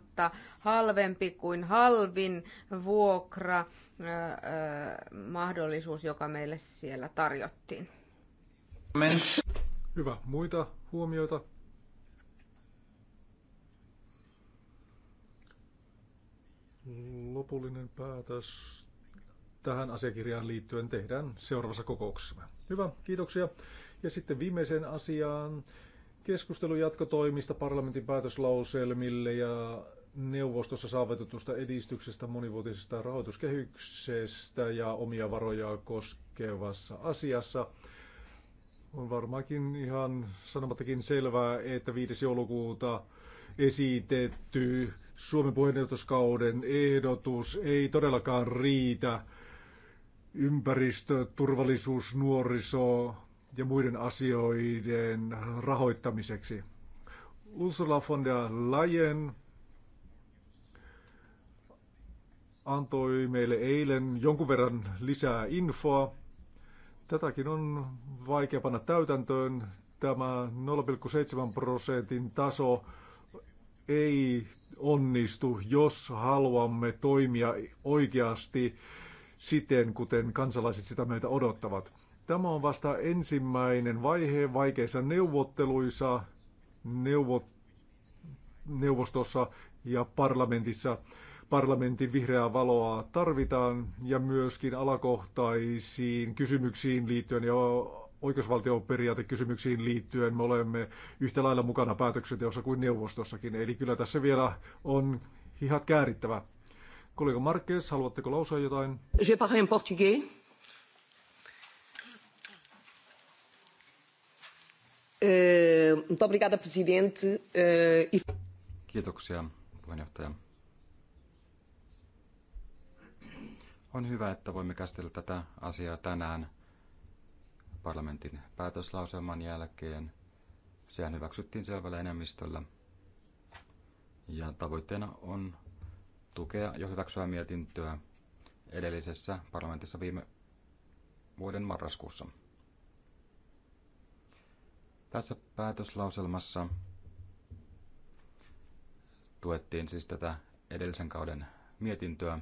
halvempi kuin halvin vuokra äh, äh, mahdollisuus, joka meille siellä tarjottiin. Hyvä. Muita huomioita Lopullinen päätös tähän asiakirjaan liittyen tehdään seuraavassa kokouksessa. Hyvä, kiitoksia. Ja sitten viimeiseen asiaan. Keskustelu jatkotoimista parlamentin päätöslauselmille ja neuvostossa saavutetusta edistyksestä monivuotisesta rahoituskehyksestä ja omia varoja koskevassa asiassa. On varmaankin ihan sanomattakin selvää, että 5. joulukuuta esitetty Suomen puheenjohtajuuskauden ehdotus ei todellakaan riitä ympäristö, turvallisuus, nuoriso ja muiden asioiden rahoittamiseksi. Ursula von der Leyen antoi meille eilen jonkun verran lisää infoa. Tätäkin on vaikea panna täytäntöön. Tämä 0,7 prosentin taso ei onnistu, jos haluamme toimia oikeasti siten, kuten kansalaiset sitä meitä odottavat. Tämä on vasta ensimmäinen vaihe vaikeissa neuvotteluissa neuvo, neuvostossa ja parlamentissa. Parlamentin vihreää valoa tarvitaan ja myöskin alakohtaisiin kysymyksiin liittyen ja oikeusvaltioperiaatekysymyksiin liittyen me olemme yhtä lailla mukana päätöksenteossa kuin neuvostossakin. Eli kyllä tässä vielä on hihat käärittävä. Kollega Marquez, haluatteko lausua jotain? Je parle en portugais. Uh, obrigada, presidente. Euh, e- Kiitoksia, puheenjohtaja. On hyvä, että voimme käsitellä tätä asiaa tänään – parlamentin päätöslauselman jälkeen. Sehän hyväksyttiin selvällä enemmistöllä. Ja tavoitteena on tukea jo hyväksyä mietintöä edellisessä parlamentissa viime vuoden marraskuussa. Tässä päätöslauselmassa tuettiin siis tätä edellisen kauden mietintöä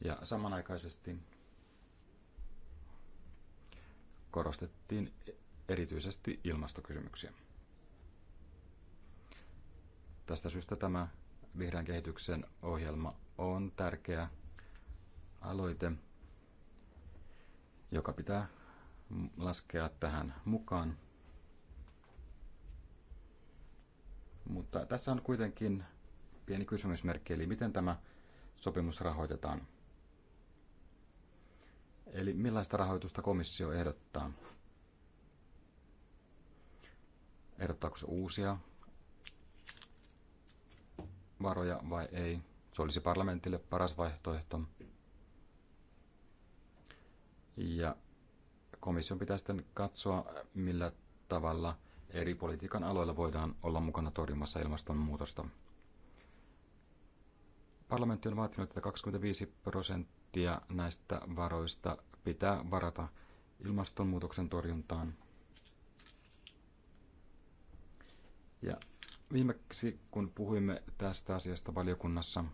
ja samanaikaisesti korostettiin erityisesti ilmastokysymyksiä. Tästä syystä tämä vihreän kehityksen ohjelma on tärkeä aloite, joka pitää laskea tähän mukaan. Mutta tässä on kuitenkin pieni kysymysmerkki, eli miten tämä sopimus rahoitetaan. Eli millaista rahoitusta komissio ehdottaa? Ehdottaako se uusia varoja vai ei? Se olisi parlamentille paras vaihtoehto. Ja komission pitää sitten katsoa, millä tavalla eri politiikan aloilla voidaan olla mukana torjumassa ilmastonmuutosta. Parlamentti on vaatinut, että 25 prosenttia prosenttia näistä varoista pitää varata ilmastonmuutoksen torjuntaan. Ja viimeksi, kun puhuimme tästä asiasta valiokunnassa,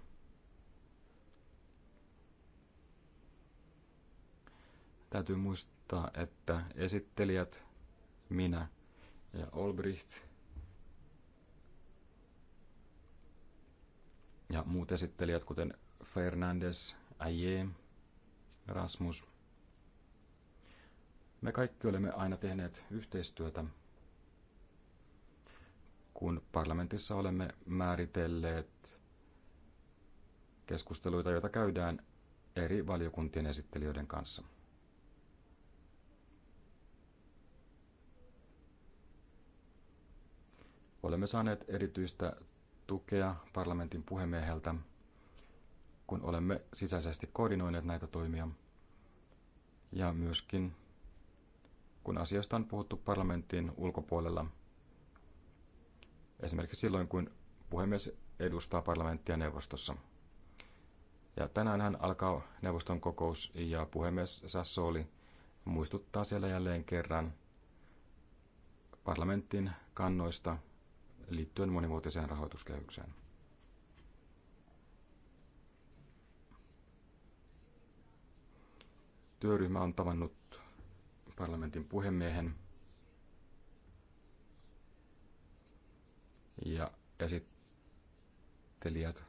täytyy muistaa, että esittelijät, minä ja Olbricht ja muut esittelijät, kuten Fernandes, äijä, Rasmus. Me kaikki olemme aina tehneet yhteistyötä, kun parlamentissa olemme määritelleet keskusteluita, joita käydään eri valiokuntien esittelijöiden kanssa. Olemme saaneet erityistä tukea parlamentin puhemieheltä kun olemme sisäisesti koordinoineet näitä toimia ja myöskin kun asiasta on puhuttu parlamentin ulkopuolella, esimerkiksi silloin kun puhemies edustaa parlamenttia neuvostossa. Ja tänään hän alkaa neuvoston kokous ja puhemies Sassoli muistuttaa siellä jälleen kerran parlamentin kannoista liittyen monivuotiseen rahoituskehykseen. Työryhmä on tavannut parlamentin puhemiehen ja esittelijät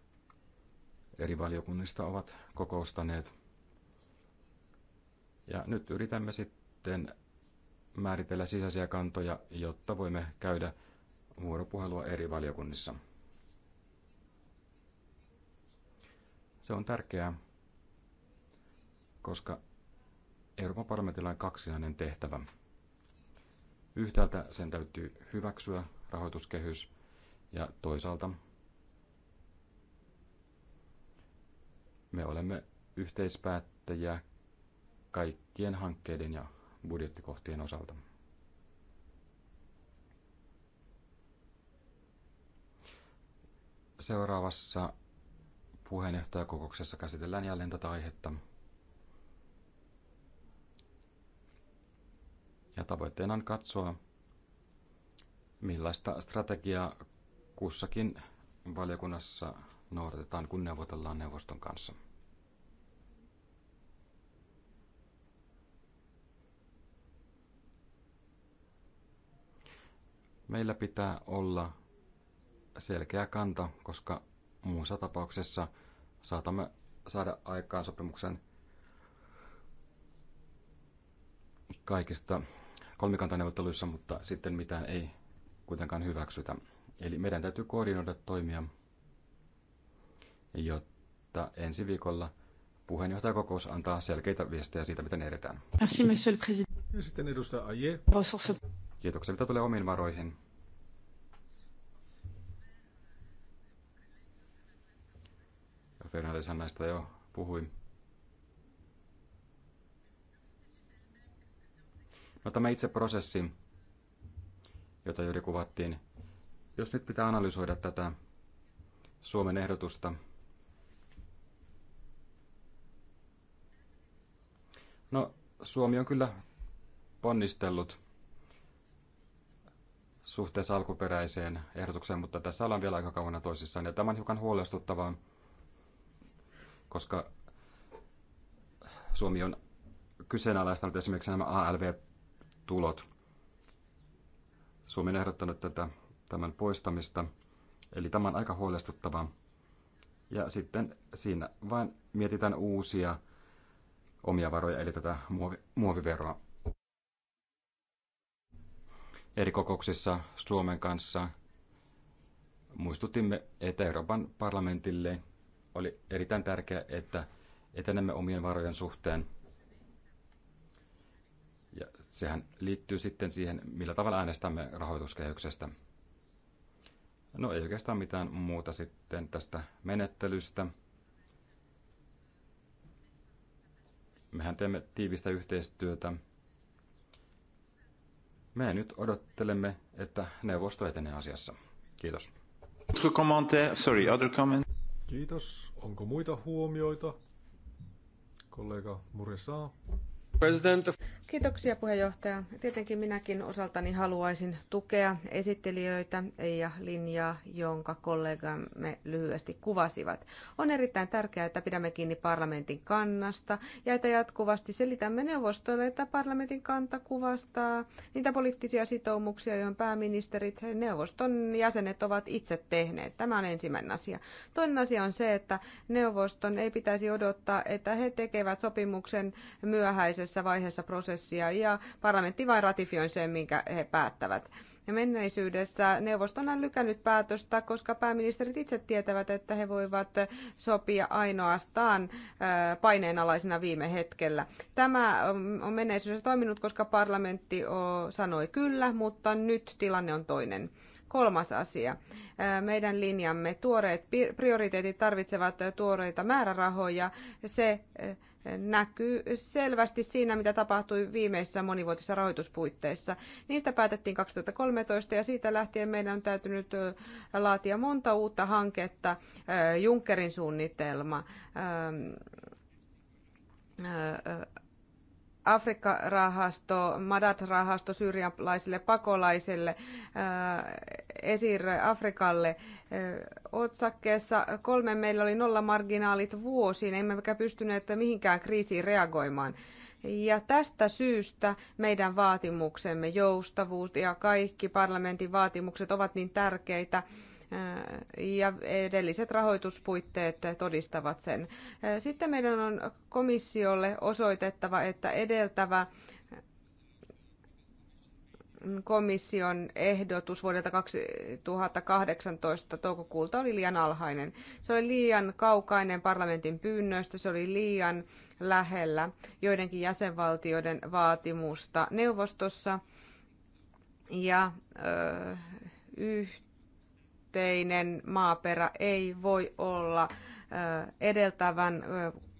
eri valiokunnista ovat kokoustaneet. Ja nyt yritämme sitten määritellä sisäisiä kantoja, jotta voimme käydä vuoropuhelua eri valiokunnissa. Se on tärkeää, koska Euroopan parlamentilla on kaksinainen tehtävä. Yhtäältä sen täytyy hyväksyä rahoituskehys ja toisaalta me olemme yhteispäättäjiä kaikkien hankkeiden ja budjettikohtien osalta. Seuraavassa puheenjohtajakokouksessa käsitellään jälleen tätä aihetta – Ja tavoitteena on katsoa, millaista strategiaa kussakin valiokunnassa noudatetaan, kun neuvotellaan neuvoston kanssa. Meillä pitää olla selkeä kanta, koska muussa tapauksessa saatamme saada aikaan sopimuksen kaikista kolmikantaneuvotteluissa, mutta sitten mitään ei kuitenkaan hyväksytä. Eli meidän täytyy koordinoida toimia, jotta ensi viikolla puheenjohtajakokous antaa selkeitä viestejä siitä, miten edetään. Merci, monsieur le président. Ja sitten edustaja Aje. Kiitoksia, mitä tulee omiin varoihin. Fernandes näistä jo puhui. No tämä itse prosessi, jota juuri kuvattiin, jos nyt pitää analysoida tätä Suomen ehdotusta, No, Suomi on kyllä ponnistellut suhteessa alkuperäiseen ehdotukseen, mutta tässä ollaan vielä aika kauan toisissaan. Ja tämä on hiukan huolestuttavaa, koska Suomi on kyseenalaistanut esimerkiksi nämä ALV tulot. Suomi on ehdottanut tätä, tämän poistamista, eli tämä on aika huolestuttavaa. Ja sitten siinä vain mietitään uusia omia varoja, eli tätä muovi, muoviveroa. Eri kokouksissa Suomen kanssa muistutimme, että Euroopan parlamentille oli erittäin tärkeää, että etenemme omien varojen suhteen – Sehän liittyy sitten siihen, millä tavalla äänestämme rahoituskehyksestä. No ei oikeastaan mitään muuta sitten tästä menettelystä. Mehän teemme tiivistä yhteistyötä. Me nyt odottelemme, että neuvosto etenee asiassa. Kiitos. Sorry, other comment. Kiitos. Onko muita huomioita? Kollega Muresa. Kiitoksia puheenjohtaja. Tietenkin minäkin osaltani haluaisin tukea esittelijöitä ja linjaa, jonka kollegamme lyhyesti kuvasivat. On erittäin tärkeää, että pidämme kiinni parlamentin kannasta ja että jatkuvasti selitämme neuvostolle, että parlamentin kanta kuvastaa niitä poliittisia sitoumuksia, joihin pääministerit ja neuvoston jäsenet ovat itse tehneet. Tämä on ensimmäinen asia. Toinen asia on se, että neuvoston ei pitäisi odottaa, että he tekevät sopimuksen myöhäisessä varhaisessa vaiheessa prosessia ja parlamentti vain ratifioi sen, minkä he päättävät. Ja menneisyydessä neuvoston on lykännyt päätöstä, koska pääministerit itse tietävät, että he voivat sopia ainoastaan äh, paineenalaisena viime hetkellä. Tämä ähm, on menneisyydessä toiminut, koska parlamentti sanoi kyllä, mutta nyt tilanne on toinen. Kolmas asia. Äh, meidän linjamme tuoreet prioriteetit tarvitsevat tuoreita määrärahoja. Se äh, näkyy selvästi siinä, mitä tapahtui viimeisissä monivuotisissa rahoituspuitteissa. Niistä päätettiin 2013 ja siitä lähtien meidän on täytynyt laatia monta uutta hanketta, Junckerin suunnitelma, Afrikka-rahasto, Madat-rahasto syyrialaisille pakolaisille, äh, Esir Afrikalle. Äh, otsakkeessa kolme meillä oli nolla marginaalit vuosiin, mekä pystyneet mihinkään kriisiin reagoimaan. Ja tästä syystä meidän vaatimuksemme, joustavuus ja kaikki parlamentin vaatimukset ovat niin tärkeitä ja edelliset rahoituspuitteet todistavat sen. Sitten meidän on komissiolle osoitettava, että edeltävä komission ehdotus vuodelta 2018 toukokuulta oli liian alhainen. Se oli liian kaukainen parlamentin pyynnöstä, se oli liian lähellä joidenkin jäsenvaltioiden vaatimusta neuvostossa ja ö, yht yhteinen maaperä ei voi olla edeltävän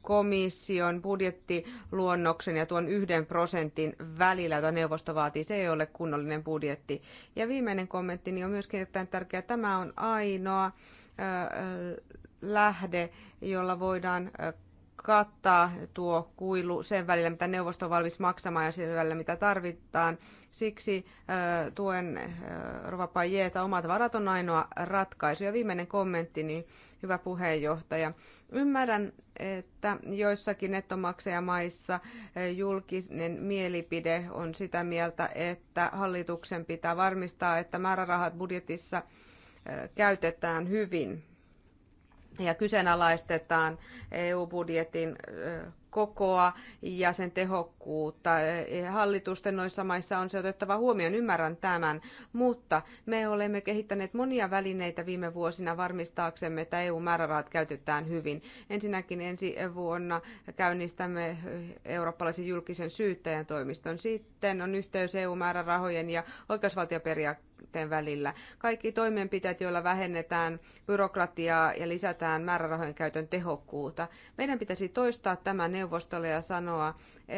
komission budjettiluonnoksen ja tuon yhden prosentin välillä, jota neuvosto vaatii. Se ei ole kunnollinen budjetti. Ja viimeinen kommentti niin on myöskin erittäin tärkeä. Tämä on ainoa lähde, jolla voidaan kattaa tuo kuilu sen välillä, mitä neuvosto on valmis maksamaan ja sen välillä, mitä tarvitaan. Siksi äh, tuen äh, Rova että omat varat on ainoa ratkaisu. Ja viimeinen kommentti, niin hyvä puheenjohtaja. Ymmärrän, että joissakin nettomaksajamaissa julkinen mielipide on sitä mieltä, että hallituksen pitää varmistaa, että määrärahat budjetissa käytetään hyvin ja kyseenalaistetaan EU-budjetin kokoa ja sen tehokkuutta. E, hallitusten noissa maissa on se otettava huomioon, ymmärrän tämän, mutta me olemme kehittäneet monia välineitä viime vuosina varmistaaksemme, että EU-määrärahat käytetään hyvin. Ensinnäkin ensi vuonna käynnistämme eurooppalaisen julkisen syyttäjän toimiston. Sitten on yhteys EU-määrärahojen ja oikeusvaltioperiaatteen kuntien välillä. Kaikki toimenpiteet, joilla vähennetään byrokratiaa ja lisätään määrärahojen käytön tehokkuutta. Meidän pitäisi toistaa tämä neuvostolle ja sanoa, e,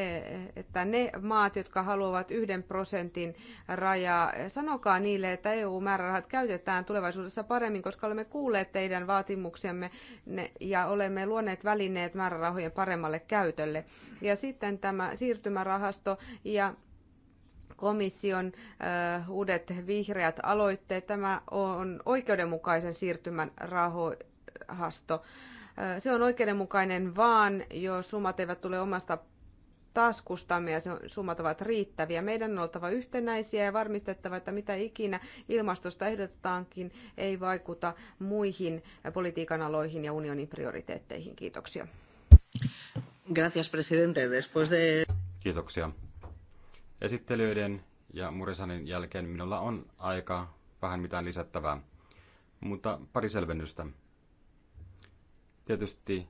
että ne maat, jotka haluavat yhden prosentin rajaa, sanokaa niille, että EU-määrärahat käytetään tulevaisuudessa paremmin, koska olemme kuulleet teidän vaatimuksiamme ja olemme luoneet välineet määrärahojen paremmalle käytölle. Ja sitten tämä siirtymärahasto ja komission äh, uudet vihreät aloitteet. Tämä on oikeudenmukaisen siirtymän rahasto. Äh, se on oikeudenmukainen vaan, jos summat eivät tule omasta taskustamme ja summat ovat riittäviä. Meidän on oltava yhtenäisiä ja varmistettava, että mitä ikinä ilmastosta ehdotetaankin, ei vaikuta muihin politiikan aloihin ja unionin prioriteetteihin. Kiitoksia. Gracias, presidente. Después de... Kiitoksia. Esittelyiden ja Murisanin jälkeen minulla on aika vähän mitään lisättävää, mutta pari selvennystä. Tietysti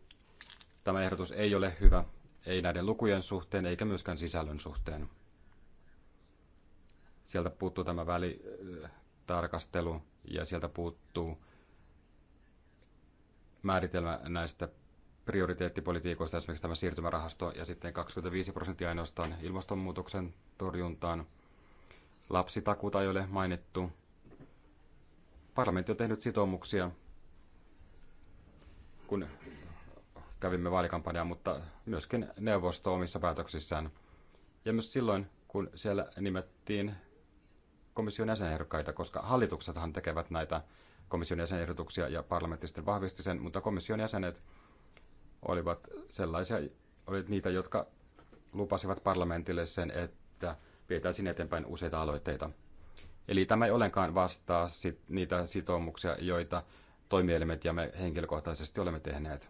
tämä ehdotus ei ole hyvä, ei näiden lukujen suhteen eikä myöskään sisällön suhteen. Sieltä puuttuu tämä välitarkastelu ja sieltä puuttuu määritelmä näistä prioriteettipolitiikoista, esimerkiksi tämä siirtymärahasto, ja sitten 25 prosenttia ainoastaan ilmastonmuutoksen torjuntaan. Lapsitakuuta ei ole mainittu. Parlamentti on tehnyt sitoumuksia, kun kävimme vaalikampanjaa, mutta myöskin neuvosto omissa päätöksissään. Ja myös silloin, kun siellä nimettiin komission jäsenehdokkaita, koska hallituksethan tekevät näitä komission jäsenehdotuksia ja parlamentti sitten vahvisti sen, mutta komission jäsenet olivat sellaisia, olivat niitä, jotka lupasivat parlamentille sen, että vietäisiin eteenpäin useita aloitteita. Eli tämä ei ollenkaan vastaa sit niitä sitoumuksia, joita toimielimet ja me henkilökohtaisesti olemme tehneet.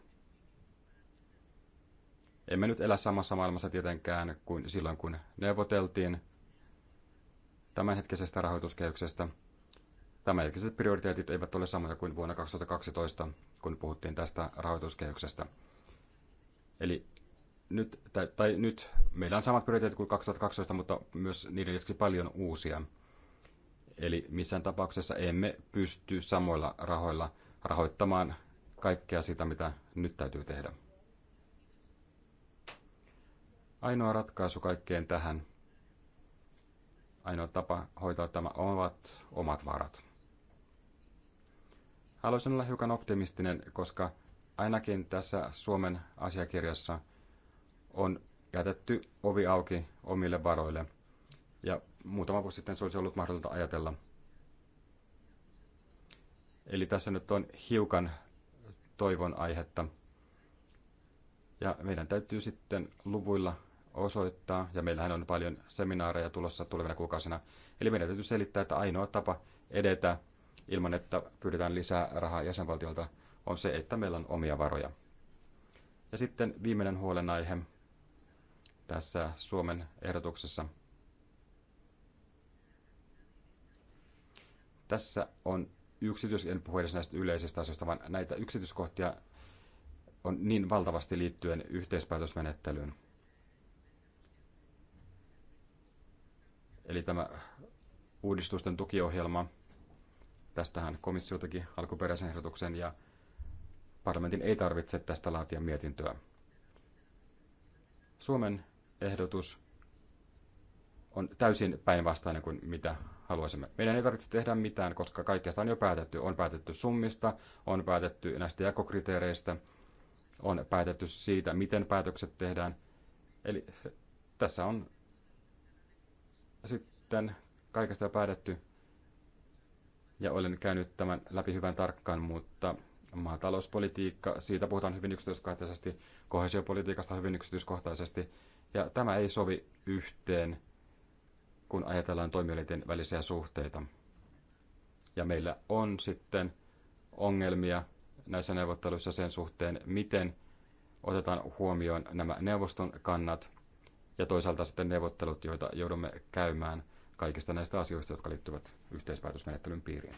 Emme nyt elä samassa maailmassa tietenkään kuin silloin, kun neuvoteltiin tämänhetkisestä rahoituskehyksestä. Tämänhetkiset prioriteetit eivät ole samoja kuin vuonna 2012, kun puhuttiin tästä rahoituskehyksestä. Eli nyt, tai, tai nyt meillä on samat prioriteetit kuin 2012, mutta myös niiden lisäksi paljon uusia. Eli missään tapauksessa emme pysty samoilla rahoilla rahoittamaan kaikkea sitä, mitä nyt täytyy tehdä. Ainoa ratkaisu kaikkeen tähän, ainoa tapa hoitaa tämä ovat omat varat. Haluaisin olla hiukan optimistinen, koska ainakin tässä Suomen asiakirjassa on jätetty ovi auki omille varoille. Ja muutama vuosi sitten se olisi ollut mahdollista ajatella. Eli tässä nyt on hiukan toivon aihetta. Ja meidän täytyy sitten luvuilla osoittaa, ja meillähän on paljon seminaareja tulossa tulevina kuukausina, eli meidän täytyy selittää, että ainoa tapa edetä ilman, että pyydetään lisää rahaa jäsenvaltiolta, on se, että meillä on omia varoja. Ja sitten viimeinen huolenaihe tässä Suomen ehdotuksessa. Tässä on yksityis, en puhu edes näistä yleisistä asioista, vaan näitä yksityiskohtia on niin valtavasti liittyen yhteispäätösmenettelyyn. Eli tämä uudistusten tukiohjelma, tästähän komissio teki alkuperäisen ehdotuksen ja Parlamentin ei tarvitse tästä laatia mietintöä. Suomen ehdotus on täysin päinvastainen kuin mitä haluaisimme. Meidän ei tarvitse tehdä mitään, koska kaikesta on jo päätetty. On päätetty summista, on päätetty näistä jakokriteereistä, on päätetty siitä, miten päätökset tehdään. Eli tässä on sitten kaikesta jo päätetty ja olen käynyt tämän läpi hyvän tarkkaan, mutta maatalouspolitiikka, siitä puhutaan hyvin yksityiskohtaisesti, kohesiopolitiikasta hyvin yksityiskohtaisesti, ja tämä ei sovi yhteen, kun ajatellaan toimielinten välisiä suhteita. Ja meillä on sitten ongelmia näissä neuvotteluissa sen suhteen, miten otetaan huomioon nämä neuvoston kannat ja toisaalta sitten neuvottelut, joita joudumme käymään kaikista näistä asioista, jotka liittyvät yhteispäätösmenettelyn piiriin.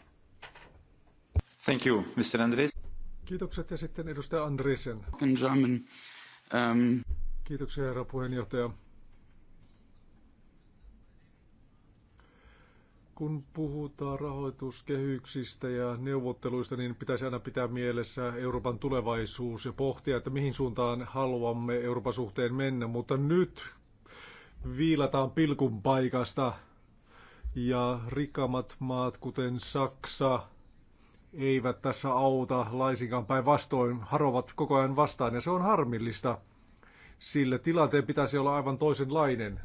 Thank you, Mr. Andres. Kiitokset ja sitten edustaja Andresen. Um... Kiitoksia herra puheenjohtaja. Kun puhutaan rahoituskehyksistä ja neuvotteluista, niin pitäisi aina pitää mielessä Euroopan tulevaisuus ja pohtia, että mihin suuntaan haluamme Euroopan suhteen mennä. Mutta nyt viilataan pilkun paikasta ja rikkaammat maat, kuten Saksa, eivät tässä auta laisinkaan päinvastoin, harovat koko ajan vastaan ja se on harmillista, sillä tilanteen pitäisi olla aivan toisenlainen.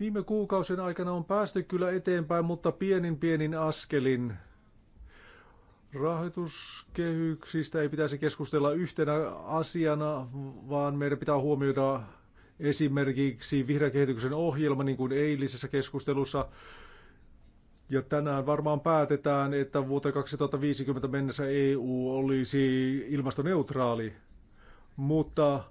Viime kuukausien aikana on päästy kyllä eteenpäin, mutta pienin pienin askelin rahoituskehyksistä ei pitäisi keskustella yhtenä asiana, vaan meidän pitää huomioida esimerkiksi vihreän kehityksen ohjelma, niin kuin eilisessä keskustelussa ja tänään varmaan päätetään, että vuoteen 2050 mennessä EU olisi ilmastoneutraali, mutta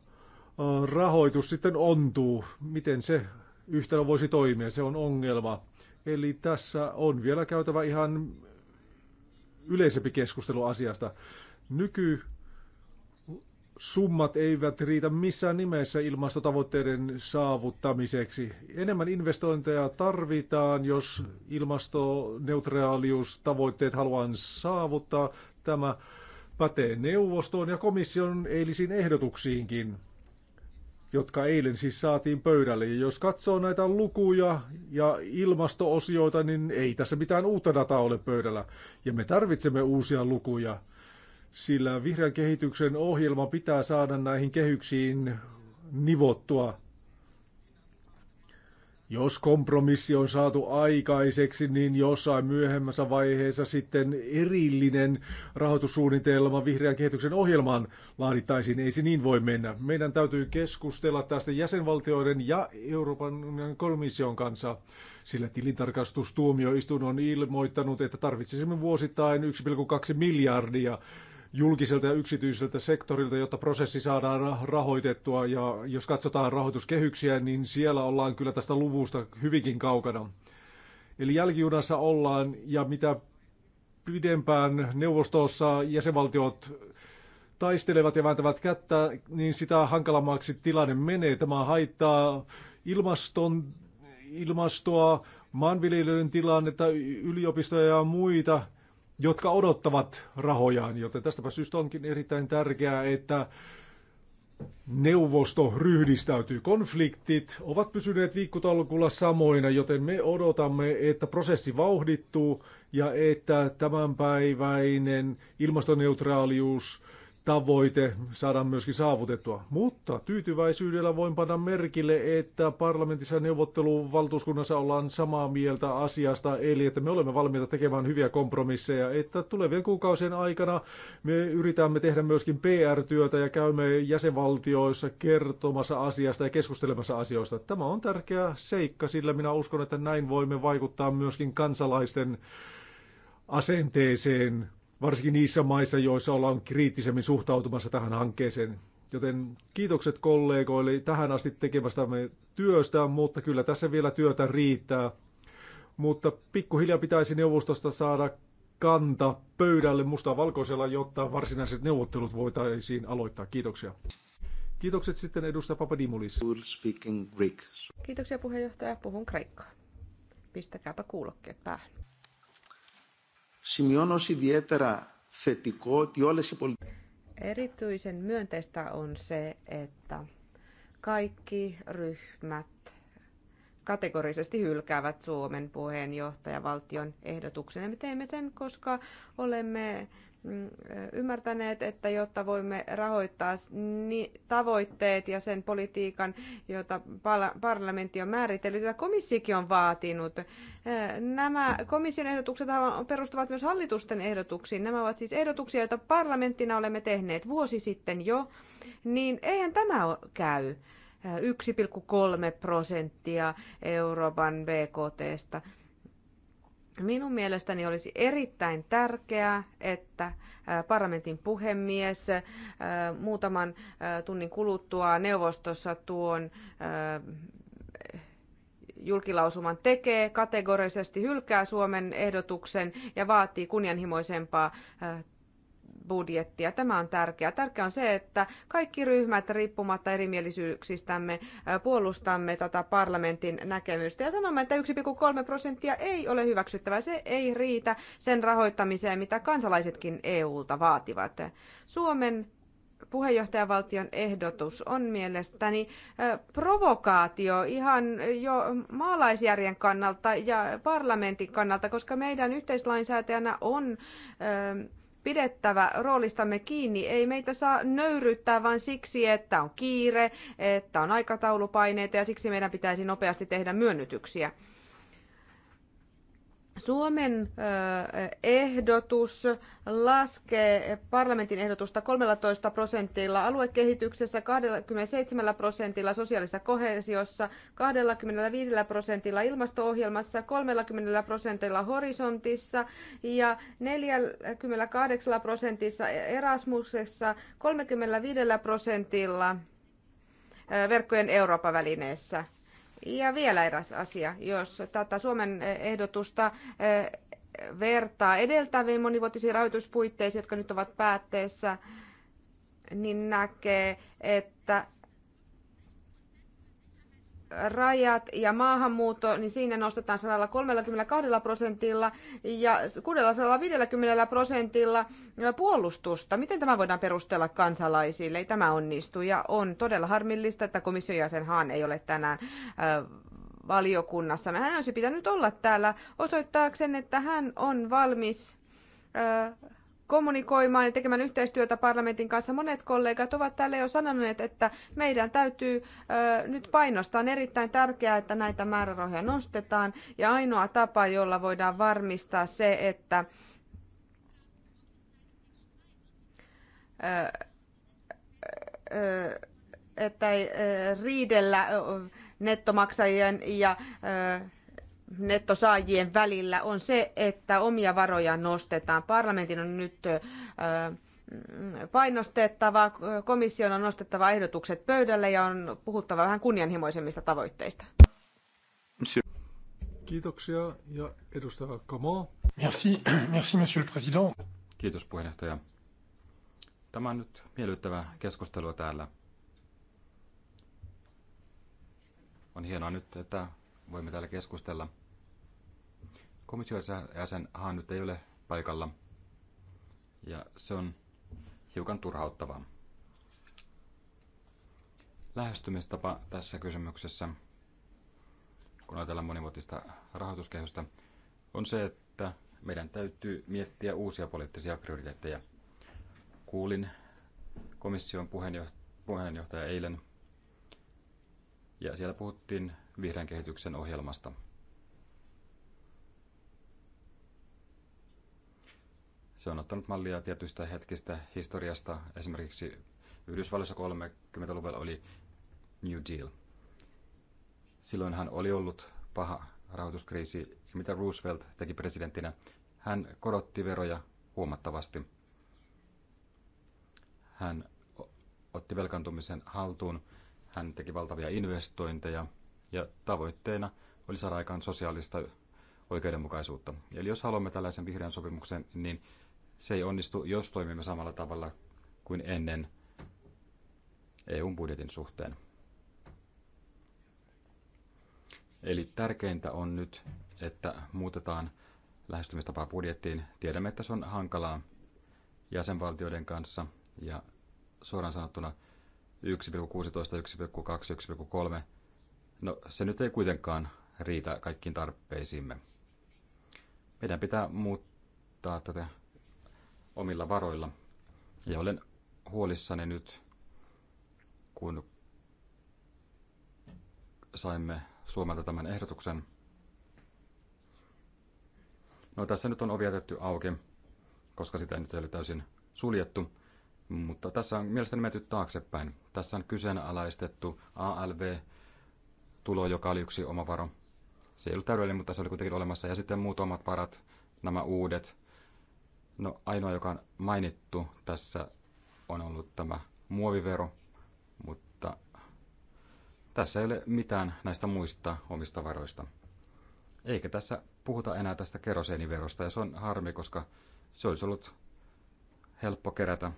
rahoitus sitten ontuu. Miten se yhtälö voisi toimia? Se on ongelma. Eli tässä on vielä käytävä ihan yleisempi keskustelu asiasta. Nyky summat eivät riitä missään nimessä ilmastotavoitteiden saavuttamiseksi. Enemmän investointeja tarvitaan, jos ilmastoneutraaliustavoitteet haluan saavuttaa. Tämä pätee neuvostoon ja komission eilisiin ehdotuksiinkin jotka eilen siis saatiin pöydälle. Ja jos katsoo näitä lukuja ja ilmastoosioita, niin ei tässä mitään uutta dataa ole pöydällä. Ja me tarvitsemme uusia lukuja sillä vihreän kehityksen ohjelma pitää saada näihin kehyksiin nivottua. Jos kompromissi on saatu aikaiseksi, niin jossain myöhemmässä vaiheessa sitten erillinen rahoitussuunnitelma vihreän kehityksen ohjelmaan laadittaisiin. Ei se niin voi mennä. Meidän täytyy keskustella tästä jäsenvaltioiden ja Euroopan komission kanssa, sillä tilintarkastustuomioistuin on ilmoittanut, että tarvitsisimme vuosittain 1,2 miljardia julkiselta ja yksityiseltä sektorilta, jotta prosessi saadaan rahoitettua. Ja jos katsotaan rahoituskehyksiä, niin siellä ollaan kyllä tästä luvusta hyvinkin kaukana. Eli jälkijunassa ollaan, ja mitä pidempään neuvostossa jäsenvaltiot taistelevat ja vääntävät kättä, niin sitä hankalammaksi tilanne menee. Tämä haittaa ilmaston, ilmastoa, maanviljelijöiden tilannetta, yliopistoja ja muita jotka odottavat rahojaan, joten tästäpä syystä onkin erittäin tärkeää, että neuvosto ryhdistäytyy. Konfliktit ovat pysyneet viikkotolkulla samoina, joten me odotamme, että prosessi vauhdittuu ja että tämänpäiväinen ilmastoneutraalius – tavoite saada myöskin saavutettua. Mutta tyytyväisyydellä voin panna merkille, että parlamentissa neuvotteluvaltuuskunnassa ollaan samaa mieltä asiasta, eli että me olemme valmiita tekemään hyviä kompromisseja, että tulevien kuukausien aikana me yritämme tehdä myöskin PR-työtä ja käymme jäsenvaltioissa kertomassa asiasta ja keskustelemassa asioista. Tämä on tärkeä seikka, sillä minä uskon, että näin voimme vaikuttaa myöskin kansalaisten asenteeseen varsinkin niissä maissa, joissa ollaan kriittisemmin suhtautumassa tähän hankkeeseen. Joten kiitokset kollegoille tähän asti tekemästämme työstä, mutta kyllä tässä vielä työtä riittää. Mutta pikkuhiljaa pitäisi neuvostosta saada kanta pöydälle musta valkoisella, jotta varsinaiset neuvottelut voitaisiin aloittaa. Kiitoksia. Kiitokset sitten edustaja Papadimulis. Kiitoksia puheenjohtaja, puhun kreikkaa. Pistäkääpä kuulokkeet päähän. Σημειώνω ως ιδιαίτερα θετικό ότι όλες οι πολιτικές... Erityisen myönteistä on se, että kaikki ryhmät kategorisesti hylkäävät Suomen puheenjohtajavaltion ehdotuksen. Ja me teemme sen, koska olemme Mm, ymmärtäneet, että jotta voimme rahoittaa tavoitteet ja sen politiikan, jota parlamentti on määritellyt, jota komissikin on vaatinut. Nämä komission ehdotukset perustuvat myös hallitusten ehdotuksiin. Nämä ovat siis ehdotuksia, joita parlamenttina olemme tehneet vuosi sitten jo. Niin eihän tämä käy. 1,3 prosenttia Euroopan BKTstä. Minun mielestäni olisi erittäin tärkeää, että parlamentin puhemies muutaman tunnin kuluttua neuvostossa tuon julkilausuman tekee, kategorisesti hylkää Suomen ehdotuksen ja vaatii kunnianhimoisempaa budjettia. Tämä on tärkeää. Tärkeää on se, että kaikki ryhmät riippumatta erimielisyyksistämme puolustamme tätä tota parlamentin näkemystä ja sanomme, että 1,3 prosenttia ei ole hyväksyttävä. Se ei riitä sen rahoittamiseen, mitä kansalaisetkin EUlta vaativat. Suomen puheenjohtajavaltion ehdotus on mielestäni provokaatio ihan jo maalaisjärjen kannalta ja parlamentin kannalta, koska meidän yhteislainsäätäjänä on pidettävä roolistamme kiinni. Ei meitä saa nöyryyttää vain siksi, että on kiire, että on aikataulupaineita ja siksi meidän pitäisi nopeasti tehdä myönnytyksiä. Suomen ehdotus laskee parlamentin ehdotusta 13 prosentilla aluekehityksessä, 27 prosentilla sosiaalisessa kohesiossa, 25 prosentilla ilmasto-ohjelmassa, 30 prosentilla horisontissa ja 48 prosentissa Erasmuksessa, 35 prosentilla verkkojen Eurooppa-välineessä. Ja vielä eräs asia, jos tätä Suomen eh, ehdotusta eh, vertaa edeltäviin monivuotisiin rahoituspuitteisiin, jotka nyt ovat päätteessä, niin näkee, että rajat ja maahanmuutto, niin siinä nostetaan 132 prosentilla ja 650 prosentilla puolustusta. Miten tämä voidaan perustella kansalaisille? Ei tämä onnistu ja on todella harmillista, että komission jäsen Haan ei ole tänään äh, valiokunnassa. Hän olisi pitänyt olla täällä osoittaakseen, että hän on valmis äh, kommunikoimaan ja tekemään yhteistyötä parlamentin kanssa. Monet kollegat ovat täällä jo sanoneet, että meidän täytyy ö, nyt painostaa. On erittäin tärkeää, että näitä määrärahoja nostetaan ja ainoa tapa, jolla voidaan varmistaa se, että ö, että ei riidellä nettomaksajien ja nettosaajien välillä on se, että omia varoja nostetaan. Parlamentin on nyt painostettava, komission on nostettava ehdotukset pöydälle ja on puhuttava vähän kunnianhimoisemmista tavoitteista. Kiitoksia ja edustaja Kamo. Merci, merci monsieur le président. Kiitos puheenjohtaja. Tämä on nyt miellyttävä keskustelu täällä. On hienoa nyt, että voimme täällä keskustella. Komission jäsen Haan nyt ei ole paikalla ja se on hiukan turhauttavaa. Lähestymistapa tässä kysymyksessä, kun ajatellaan monivuotista rahoituskehystä, on se, että meidän täytyy miettiä uusia poliittisia prioriteetteja. Kuulin komission puheenjohtaja, puheenjohtaja eilen ja siellä puhuttiin vihreän kehityksen ohjelmasta. Se on ottanut mallia tietystä hetkistä historiasta. Esimerkiksi Yhdysvalloissa 30-luvulla oli New Deal. Silloinhan oli ollut paha rahoituskriisi, ja mitä Roosevelt teki presidenttinä, hän korotti veroja huomattavasti. Hän otti velkantumisen haltuun hän teki valtavia investointeja ja tavoitteena oli saada aikaan sosiaalista oikeudenmukaisuutta. Eli jos haluamme tällaisen vihreän sopimuksen, niin se ei onnistu, jos toimimme samalla tavalla kuin ennen EUn budjetin suhteen. Eli tärkeintä on nyt, että muutetaan lähestymistapaa budjettiin. Tiedämme, että se on hankalaa jäsenvaltioiden kanssa ja suoraan sanottuna – 1,16, 1,2, 1,3. No se nyt ei kuitenkaan riitä kaikkiin tarpeisiimme. Meidän pitää muuttaa tätä omilla varoilla. Ja olen huolissani nyt, kun saimme Suomelta tämän ehdotuksen. No tässä nyt on ovi jätetty auki, koska sitä nyt ei ole täysin suljettu. Mutta tässä on mielestäni menty taaksepäin. Tässä on kyseenalaistettu ALV-tulo, joka oli yksi oma varo. Se ei ollut täydellinen, mutta se oli kuitenkin olemassa. Ja sitten muut omat varat, nämä uudet. No ainoa, joka on mainittu tässä, on ollut tämä muovivero, mutta tässä ei ole mitään näistä muista omista varoista. Eikä tässä puhuta enää tästä keroseeniverosta, ja se on harmi, koska se olisi ollut helppo kerätä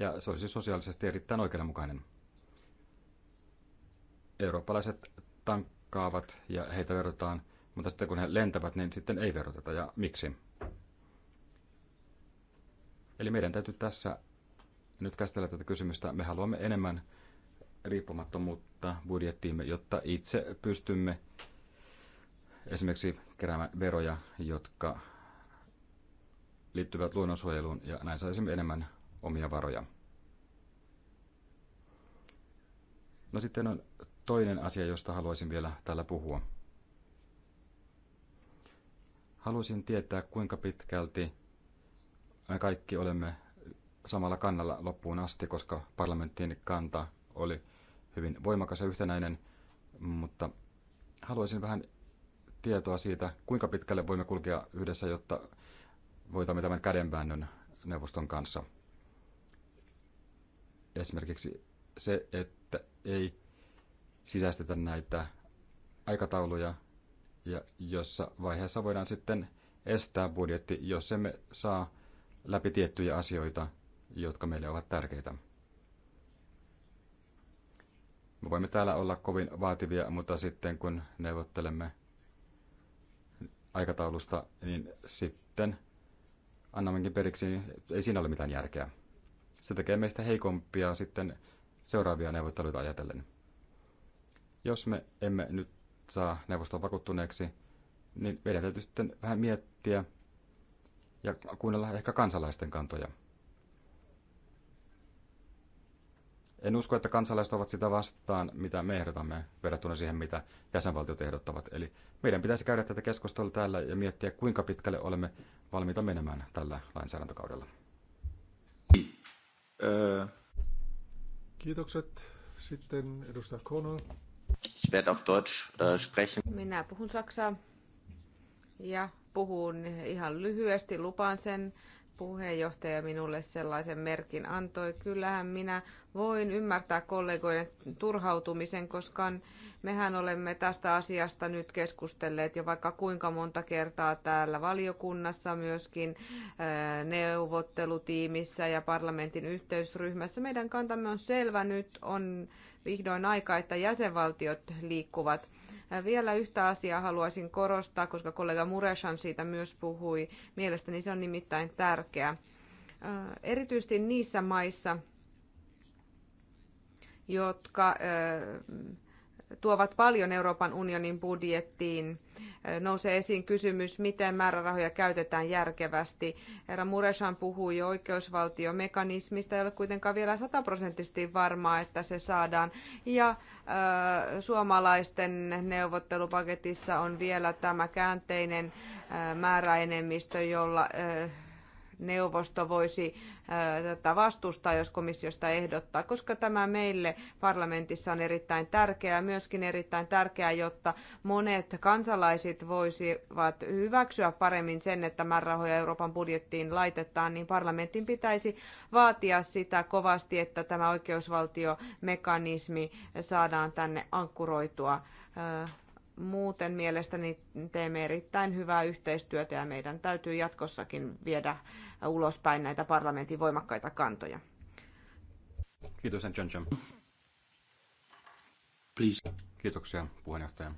ja se olisi sosiaalisesti erittäin oikeudenmukainen. Eurooppalaiset tankkaavat ja heitä verotetaan, mutta sitten kun he lentävät, niin sitten ei veroteta. Ja miksi? Eli meidän täytyy tässä nyt käsitellä tätä kysymystä. Me haluamme enemmän riippumattomuutta budjettiimme, jotta itse pystymme esimerkiksi keräämään veroja, jotka liittyvät luonnonsuojeluun, ja näin saisimme enemmän omia varoja. No sitten on toinen asia, josta haluaisin vielä täällä puhua. Haluaisin tietää, kuinka pitkälti me kaikki olemme samalla kannalla loppuun asti, koska parlamentin kanta oli hyvin voimakas ja yhtenäinen, mutta haluaisin vähän tietoa siitä, kuinka pitkälle voimme kulkea yhdessä, jotta voitamme tämän kädenväännön neuvoston kanssa esimerkiksi se, että ei sisäistetä näitä aikatauluja ja jossa vaiheessa voidaan sitten estää budjetti, jos emme saa läpi tiettyjä asioita, jotka meille ovat tärkeitä. Me voimme täällä olla kovin vaativia, mutta sitten kun neuvottelemme aikataulusta, niin sitten annammekin periksi, niin ei siinä ole mitään järkeä. Se tekee meistä heikompia sitten seuraavia neuvotteluita ajatellen. Jos me emme nyt saa neuvoston vakuuttuneeksi, niin meidän täytyy sitten vähän miettiä ja kuunnella ehkä kansalaisten kantoja. En usko, että kansalaiset ovat sitä vastaan, mitä me ehdotamme, verrattuna siihen, mitä jäsenvaltiot ehdottavat. Eli meidän pitäisi käydä tätä keskustelua täällä ja miettiä, kuinka pitkälle olemme valmiita menemään tällä lainsäädäntökaudella. Kiitokset. Sitten edustaja Ich werde auf Deutsch äh, sprechen. Minä puhun saksaa ja puhun ihan lyhyesti, lupaan sen. Puheenjohtaja minulle sellaisen merkin antoi. Kyllähän minä voin ymmärtää kollegoiden turhautumisen, koska Mehän olemme tästä asiasta nyt keskustelleet jo vaikka kuinka monta kertaa täällä valiokunnassa, myöskin neuvottelutiimissä ja parlamentin yhteysryhmässä. Meidän kantamme on selvä nyt, on vihdoin aika, että jäsenvaltiot liikkuvat. Vielä yhtä asiaa haluaisin korostaa, koska kollega Mureshan siitä myös puhui. Mielestäni se on nimittäin tärkeä. Erityisesti niissä maissa, jotka tuovat paljon Euroopan unionin budjettiin. Nousee esiin kysymys, miten määrärahoja käytetään järkevästi. Herra Mureshan puhui jo oikeusvaltiomekanismista, ei ole kuitenkaan vielä sataprosenttisesti varmaa, että se saadaan. Ja ö, suomalaisten neuvottelupaketissa on vielä tämä käänteinen ö, määräenemmistö, jolla ö, neuvosto voisi tätä vastustaa, jos komissiosta ehdottaa, koska tämä meille parlamentissa on erittäin tärkeää, myöskin erittäin tärkeää, jotta monet kansalaiset voisivat hyväksyä paremmin sen, että määrärahoja Euroopan budjettiin laitetaan, niin parlamentin pitäisi vaatia sitä kovasti, että tämä oikeusvaltiomekanismi saadaan tänne ankkuroitua Muuten mielestäni teemme erittäin hyvää yhteistyötä ja meidän täytyy jatkossakin viedä ulospäin näitä parlamentin voimakkaita kantoja. Kiitos, John John. Please. Kiitoksia, puheenjohtaja.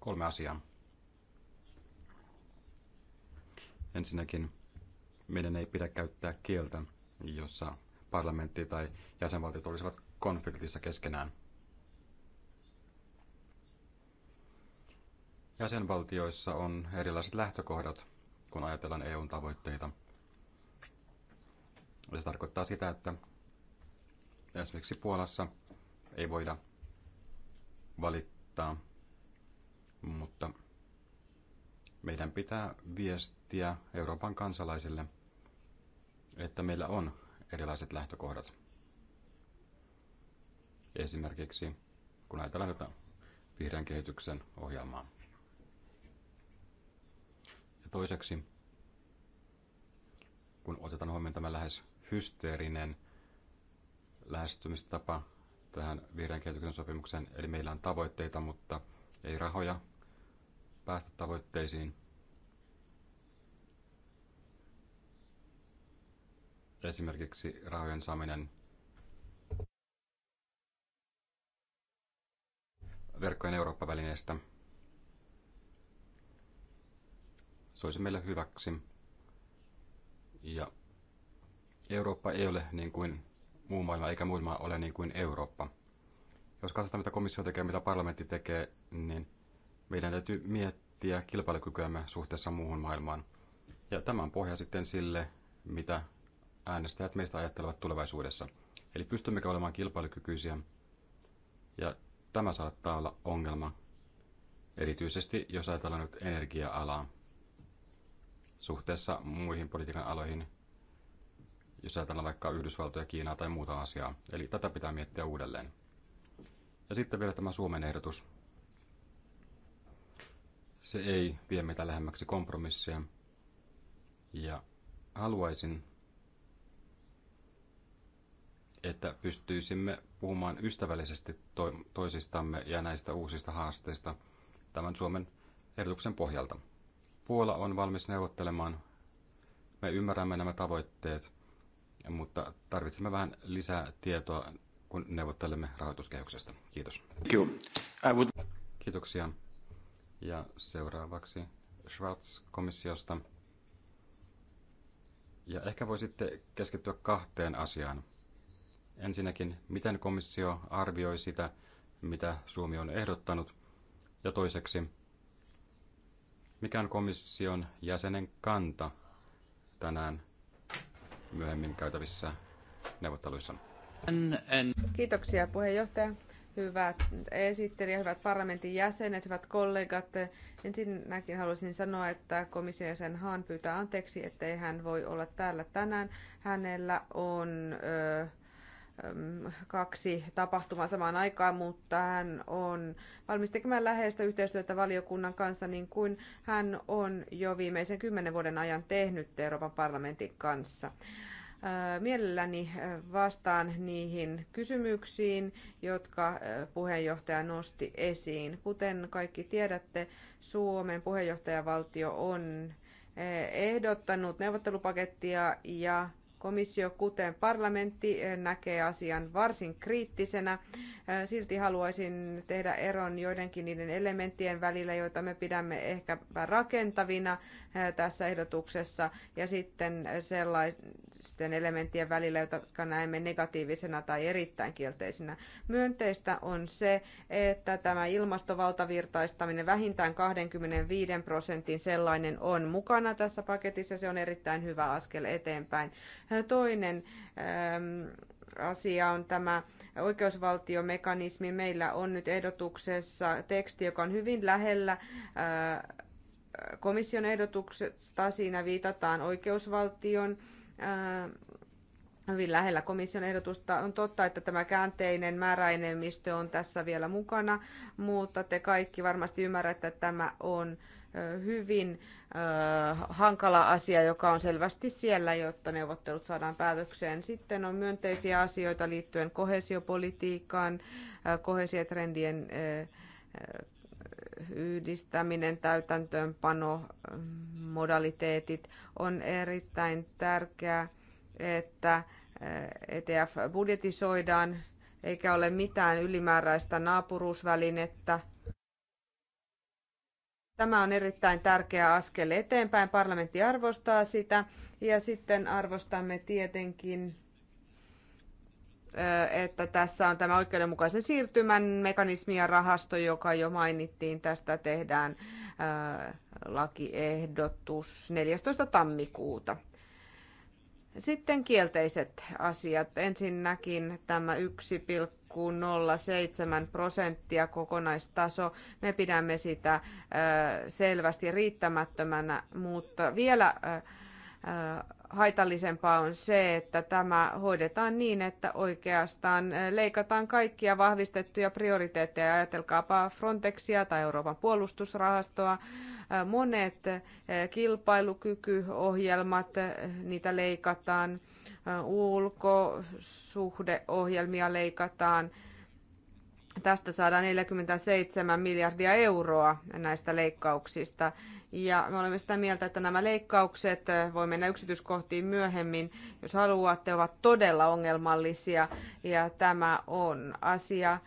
Kolme asiaa. Ensinnäkin meidän ei pidä käyttää kieltä, jossa parlamentti tai jäsenvaltiot olisivat konfliktissa keskenään. Jäsenvaltioissa on erilaiset lähtökohdat, kun ajatellaan EUn tavoitteita. Se tarkoittaa sitä, että esimerkiksi Puolassa ei voida valittaa, mutta meidän pitää viestiä Euroopan kansalaisille, että meillä on erilaiset lähtökohdat. Esimerkiksi kun ajatellaan tätä vihreän kehityksen ohjelmaa. Ja toiseksi, kun otetaan huomioon tämä lähes hysteerinen lähestymistapa tähän vihreän kehityksen sopimukseen, eli meillä on tavoitteita, mutta ei rahoja päästä tavoitteisiin, esimerkiksi rahojen saaminen verkkojen Eurooppa-välineestä. Se olisi meille hyväksi. Ja Eurooppa ei ole niin kuin muu maailma, eikä muu maailma ole niin kuin Eurooppa. Jos katsotaan, mitä komissio tekee, mitä parlamentti tekee, niin meidän täytyy miettiä kilpailukykyämme suhteessa muuhun maailmaan. Ja tämän pohja sitten sille, mitä äänestäjät meistä ajattelevat tulevaisuudessa. Eli pystymmekö olemaan kilpailukykyisiä? Ja tämä saattaa olla ongelma, erityisesti jos ajatellaan nyt energia-alaa suhteessa muihin politiikan aloihin, jos ajatellaan vaikka Yhdysvaltoja, Kiinaa tai muuta asiaa. Eli tätä pitää miettiä uudelleen. Ja sitten vielä tämä Suomen ehdotus. Se ei vie meitä lähemmäksi kompromissia. Ja haluaisin että pystyisimme puhumaan ystävällisesti toisistamme ja näistä uusista haasteista tämän Suomen ehdotuksen pohjalta. Puola on valmis neuvottelemaan. Me ymmärrämme nämä tavoitteet, mutta tarvitsemme vähän lisää tietoa, kun neuvottelemme rahoituskehyksestä. Kiitos. Kiitoksia. Ja seuraavaksi Schwarz komissiosta. Ja ehkä voisitte keskittyä kahteen asiaan. Ensinnäkin, miten komissio arvioi sitä, mitä Suomi on ehdottanut, ja toiseksi, mikä on komission jäsenen kanta tänään myöhemmin käytävissä neuvotteluissa. Kiitoksia puheenjohtaja. Hyvät esittelijät, hyvät parlamentin jäsenet, hyvät kollegat. Ensinnäkin haluaisin sanoa, että komission jäsen Haan pyytää anteeksi, ettei hän voi olla täällä tänään. Hänellä on ö, kaksi tapahtumaa samaan aikaan, mutta hän on valmis tekemään läheistä yhteistyötä valiokunnan kanssa, niin kuin hän on jo viimeisen kymmenen vuoden ajan tehnyt Euroopan parlamentin kanssa. Mielelläni vastaan niihin kysymyksiin, jotka puheenjohtaja nosti esiin. Kuten kaikki tiedätte, Suomen puheenjohtajavaltio on ehdottanut neuvottelupakettia ja Komissio, kuten parlamentti, näkee asian varsin kriittisenä. Äh, Silti haluaisin tehdä eron joidenkin niiden elementtien välillä, joita me pidämme ehkä rakentavina äh, tässä ehdotuksessa, ja sitten sellaisten elementtien välillä, joita näemme negatiivisena tai erittäin kielteisinä. Myönteistä on se, että tämä ilmastovaltavirtaistaminen vähintään 25 prosentin sellainen on mukana tässä paketissa. Se on erittäin hyvä askel eteenpäin. Toinen ähm, asia on tämä oikeusvaltiomekanismi. Meillä on nyt ehdotuksessa teksti, joka on hyvin lähellä äh, komission ehdotuksesta. Siinä viitataan oikeusvaltion äh, hyvin lähellä komission ehdotusta. On totta, että tämä käänteinen määräenemmistö on tässä vielä mukana, mutta te kaikki varmasti ymmärrätte, että tämä on hyvin hankala asia, joka on selvästi siellä, jotta neuvottelut saadaan päätökseen. Sitten on myönteisiä asioita liittyen kohesiopolitiikkaan, kohesiotrendien yhdistäminen, täytäntöönpano, modaliteetit on erittäin tärkeää, että ETF budjetisoidaan eikä ole mitään ylimääräistä naapuruusvälinettä – Tämä on erittäin tärkeä askel eteenpäin. Parlamentti arvostaa sitä ja sitten arvostamme tietenkin että tässä on tämä oikeudenmukaisen siirtymän mekanismi ja rahasto, joka jo mainittiin. Tästä tehdään lakiehdotus 14. tammikuuta. Sitten kielteiset asiat. Ensinnäkin tämä 0,07 prosenttia kokonaistaso. Me pidämme sitä selvästi riittämättömänä, mutta vielä haitallisempaa on se, että tämä hoidetaan niin, että oikeastaan leikataan kaikkia vahvistettuja prioriteetteja. Ajatelkaapa Frontexia tai Euroopan puolustusrahastoa. Monet kilpailukykyohjelmat, niitä leikataan. Ulkosuhdeohjelmia leikataan. Tästä saadaan 47 miljardia euroa näistä leikkauksista. Ja me olemme sitä mieltä, että nämä leikkaukset, eh, voi mennä yksityiskohtiin myöhemmin, jos haluatte, ovat todella ongelmallisia. Ja tämä on asia,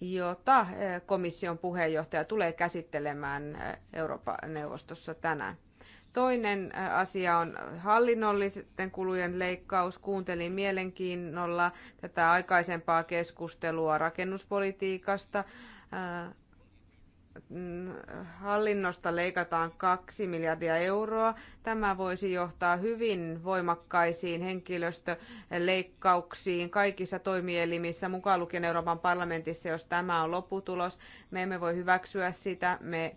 jota eh, komission puheenjohtaja tulee käsittelemään eh, Euroopan neuvostossa tänään. Toinen asia on hallinnollisten kulujen leikkaus. Kuuntelin mielenkiinnolla tätä aikaisempaa keskustelua rakennuspolitiikasta. Hallinnosta leikataan 2 miljardia euroa. Tämä voisi johtaa hyvin voimakkaisiin henkilöstöleikkauksiin kaikissa toimielimissä, mukaan lukien Euroopan parlamentissa, jos tämä on lopputulos. Me emme voi hyväksyä sitä. Me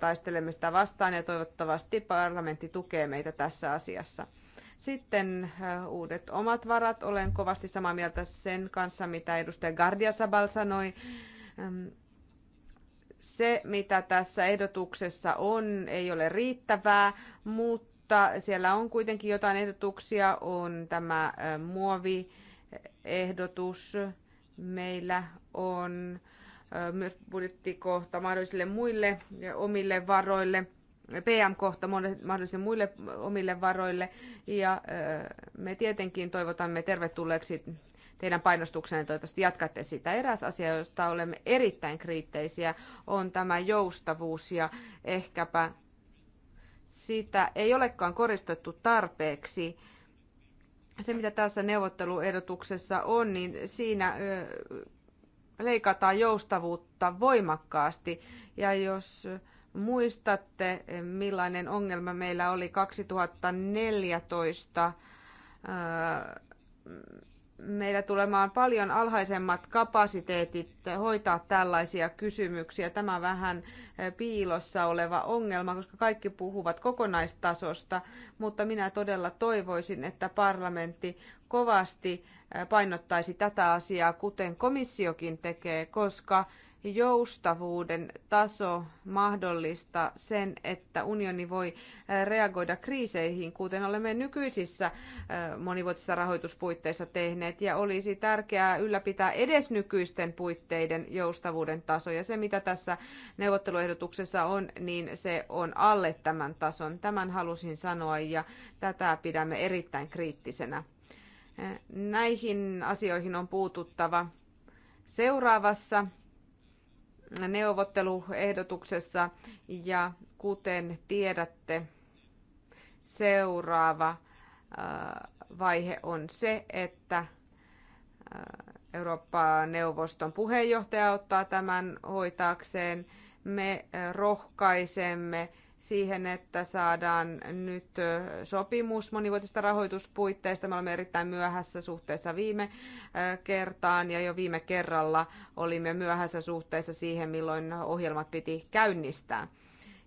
taistelemme sitä vastaan ja toivottavasti parlamentti tukee meitä tässä asiassa. Sitten uudet omat varat. Olen kovasti samaa mieltä sen kanssa, mitä edustaja Gardia Sabal sanoi. Se, mitä tässä ehdotuksessa on, ei ole riittävää, mutta siellä on kuitenkin jotain ehdotuksia. On tämä muoviehdotus. Meillä on myös budjettikohta mahdollisille muille omille varoille, PM-kohta mahdollisille muille omille varoille. Ja me tietenkin toivotamme tervetulleeksi teidän painostuksenne, toivottavasti jatkatte sitä. Eräs asia, josta olemme erittäin kriittisiä, on tämä joustavuus ja ehkäpä sitä ei olekaan koristettu tarpeeksi se, mitä tässä neuvotteluehdotuksessa on, niin siinä leikataan joustavuutta voimakkaasti. Ja jos muistatte, millainen ongelma meillä oli 2014, äh, meillä tulemaan paljon alhaisemmat kapasiteetit hoitaa tällaisia kysymyksiä. Tämä on vähän piilossa oleva ongelma, koska kaikki puhuvat kokonaistasosta, mutta minä todella toivoisin, että parlamentti kovasti painottaisi tätä asiaa, kuten komissiokin tekee, koska joustavuuden taso mahdollistaa sen, että unioni voi reagoida kriiseihin, kuten olemme nykyisissä monivuotisissa rahoituspuitteissa tehneet, ja olisi tärkeää ylläpitää edes nykyisten puitteiden joustavuuden taso, ja se mitä tässä neuvotteluehdotuksessa on, niin se on alle tämän tason. Tämän halusin sanoa, ja tätä pidämme erittäin kriittisenä. Näihin asioihin on puututtava seuraavassa neuvotteluehdotuksessa ja kuten tiedätte, seuraava vaihe on se, että Eurooppa-neuvoston puheenjohtaja ottaa tämän hoitaakseen. Me rohkaisemme siihen, että saadaan nyt sopimus monivuotisista rahoituspuitteista. Me olemme erittäin myöhässä suhteessa viime kertaan ja jo viime kerralla olimme myöhässä suhteessa siihen, milloin ohjelmat piti käynnistää.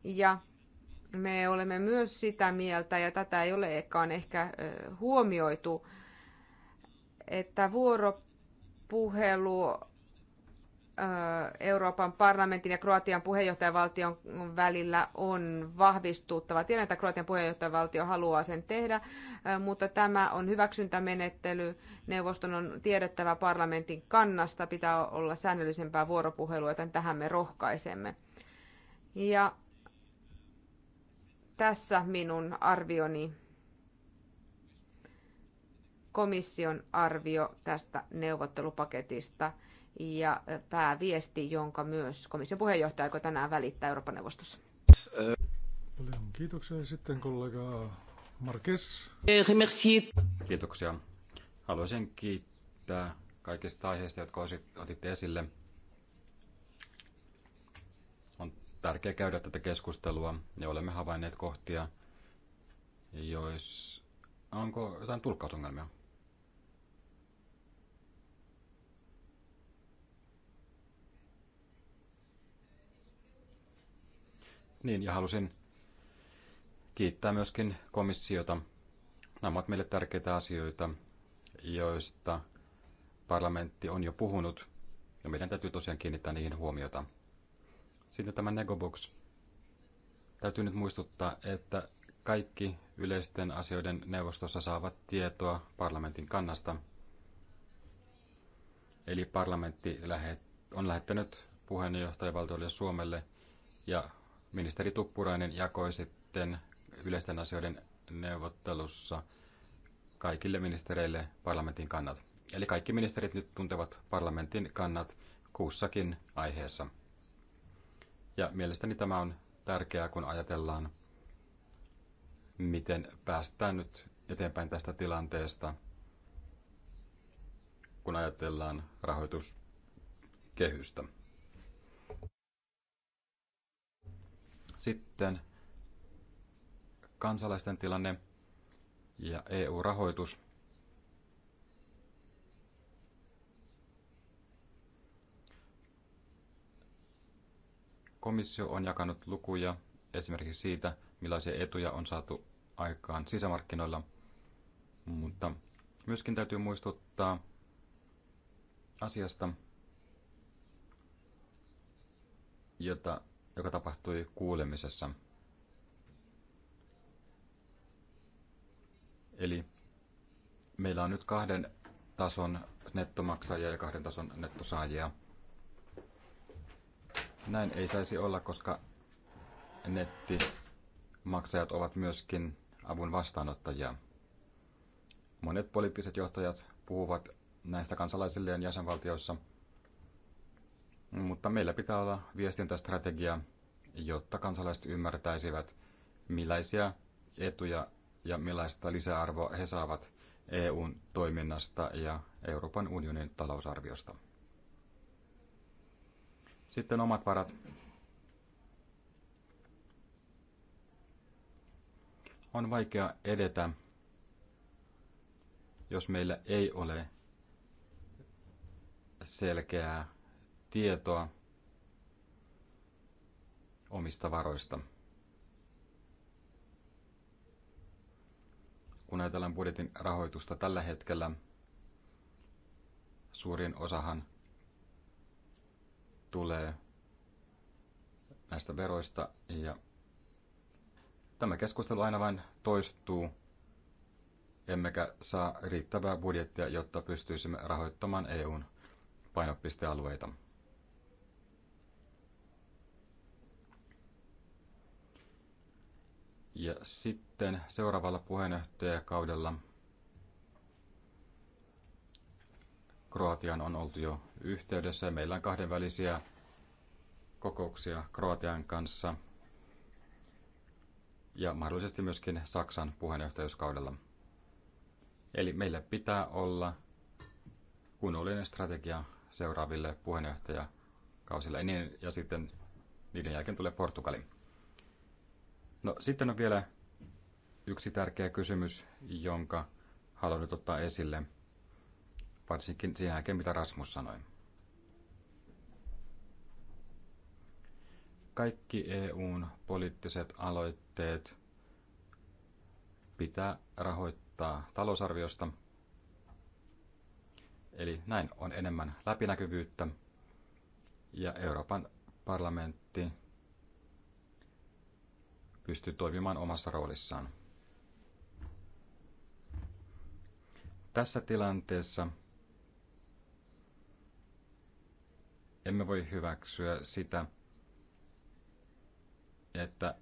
Ja me olemme myös sitä mieltä, ja tätä ei olekaan ehkä huomioitu, että vuoropuhelu Euroopan parlamentin ja Kroatian puheenjohtajavaltion välillä on vahvistuttava. Tiedän, että Kroatian puheenjohtajavaltio haluaa sen tehdä, mutta tämä on hyväksyntämenettely. Neuvoston on tiedettävä parlamentin kannasta. Pitää olla säännöllisempää vuoropuhelua, joten tähän me rohkaisemme. Ja tässä minun arvioni, komission arvio tästä neuvottelupaketista – ja pääviesti, jonka myös komission puheenjohtaja aikoo tänään välittää Euroopan neuvostossa. Paljon kiitoksia. Sitten kollega Marques. Kiitoksia. Haluaisin kiittää kaikista aiheista, jotka otitte esille. On tärkeää käydä tätä keskustelua ja olemme havainneet kohtia, jos onko jotain tulkkausongelmia. Niin, ja halusin kiittää myöskin komissiota. Nämä ovat meille tärkeitä asioita, joista parlamentti on jo puhunut, ja meidän täytyy tosiaan kiinnittää niihin huomiota. Sitten tämä Negobox. Täytyy nyt muistuttaa, että kaikki yleisten asioiden neuvostossa saavat tietoa parlamentin kannasta. Eli parlamentti on lähettänyt puheenjohtajavaltiolle Suomelle ja Ministeri Tuppurainen jakoi sitten yleisten asioiden neuvottelussa kaikille ministereille parlamentin kannat. Eli kaikki ministerit nyt tuntevat parlamentin kannat kuussakin aiheessa. Ja mielestäni tämä on tärkeää, kun ajatellaan, miten päästään nyt eteenpäin tästä tilanteesta, kun ajatellaan rahoituskehystä. Sitten kansalaisten tilanne ja EU-rahoitus. Komissio on jakanut lukuja esimerkiksi siitä, millaisia etuja on saatu aikaan sisämarkkinoilla, mutta myöskin täytyy muistuttaa asiasta, jota joka tapahtui kuulemisessa. Eli meillä on nyt kahden tason nettomaksajia ja kahden tason nettosaajia. Näin ei saisi olla, koska nettimaksajat ovat myöskin avun vastaanottajia. Monet poliittiset johtajat puhuvat näistä kansalaisilleen jäsenvaltioissa – mutta meillä pitää olla viestintästrategia, jotta kansalaiset ymmärtäisivät, millaisia etuja ja millaista lisäarvoa he saavat EUn toiminnasta ja Euroopan unionin talousarviosta. Sitten omat varat. On vaikea edetä, jos meillä ei ole selkeää tietoa omista varoista. Kun ajatellaan budjetin rahoitusta tällä hetkellä, suurin osahan tulee näistä veroista ja tämä keskustelu aina vain toistuu, emmekä saa riittävää budjettia, jotta pystyisimme rahoittamaan EUn painopistealueita. Ja sitten seuraavalla puheenjohtajakaudella Kroatian on oltu jo yhteydessä meillä on kahdenvälisiä kokouksia Kroatian kanssa ja mahdollisesti myöskin Saksan puheenjohtajuuskaudella. Eli meillä pitää olla kunnollinen strategia seuraaville puheenjohtajakausille ja niin- sitten niiden jälkeen tulee Portugali. No sitten on vielä yksi tärkeä kysymys, jonka haluan nyt ottaa esille, varsinkin siinä jälkeen, mitä Rasmus sanoi. Kaikki EUn poliittiset aloitteet pitää rahoittaa talousarviosta. Eli näin on enemmän läpinäkyvyyttä ja Euroopan parlamentti pystyy toimimaan omassa roolissaan. Tässä tilanteessa emme voi hyväksyä sitä, että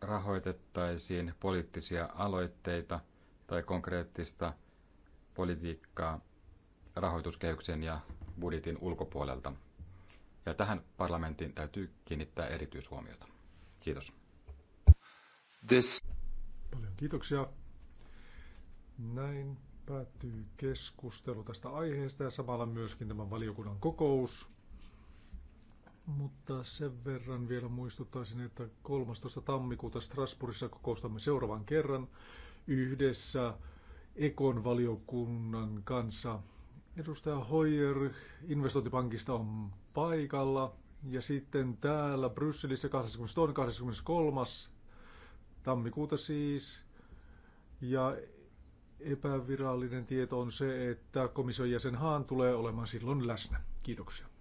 rahoitettaisiin poliittisia aloitteita tai konkreettista politiikkaa rahoituskehyksen ja budjetin ulkopuolelta. Ja tähän parlamentin täytyy kiinnittää erityishuomiota. Kiitos. This... Paljon kiitoksia. Näin päättyy keskustelu tästä aiheesta ja samalla myöskin tämän valiokunnan kokous. Mutta sen verran vielä muistuttaisin, että 13. tammikuuta Strasbourgissa kokoustamme seuraavan kerran yhdessä Ekon valiokunnan kanssa. Edustaja Hoyer investointipankista on paikalla ja sitten täällä Brysselissä 22. 23. Tammikuuta siis. Ja epävirallinen tieto on se, että komission jäsen Haan tulee olemaan silloin läsnä. Kiitoksia.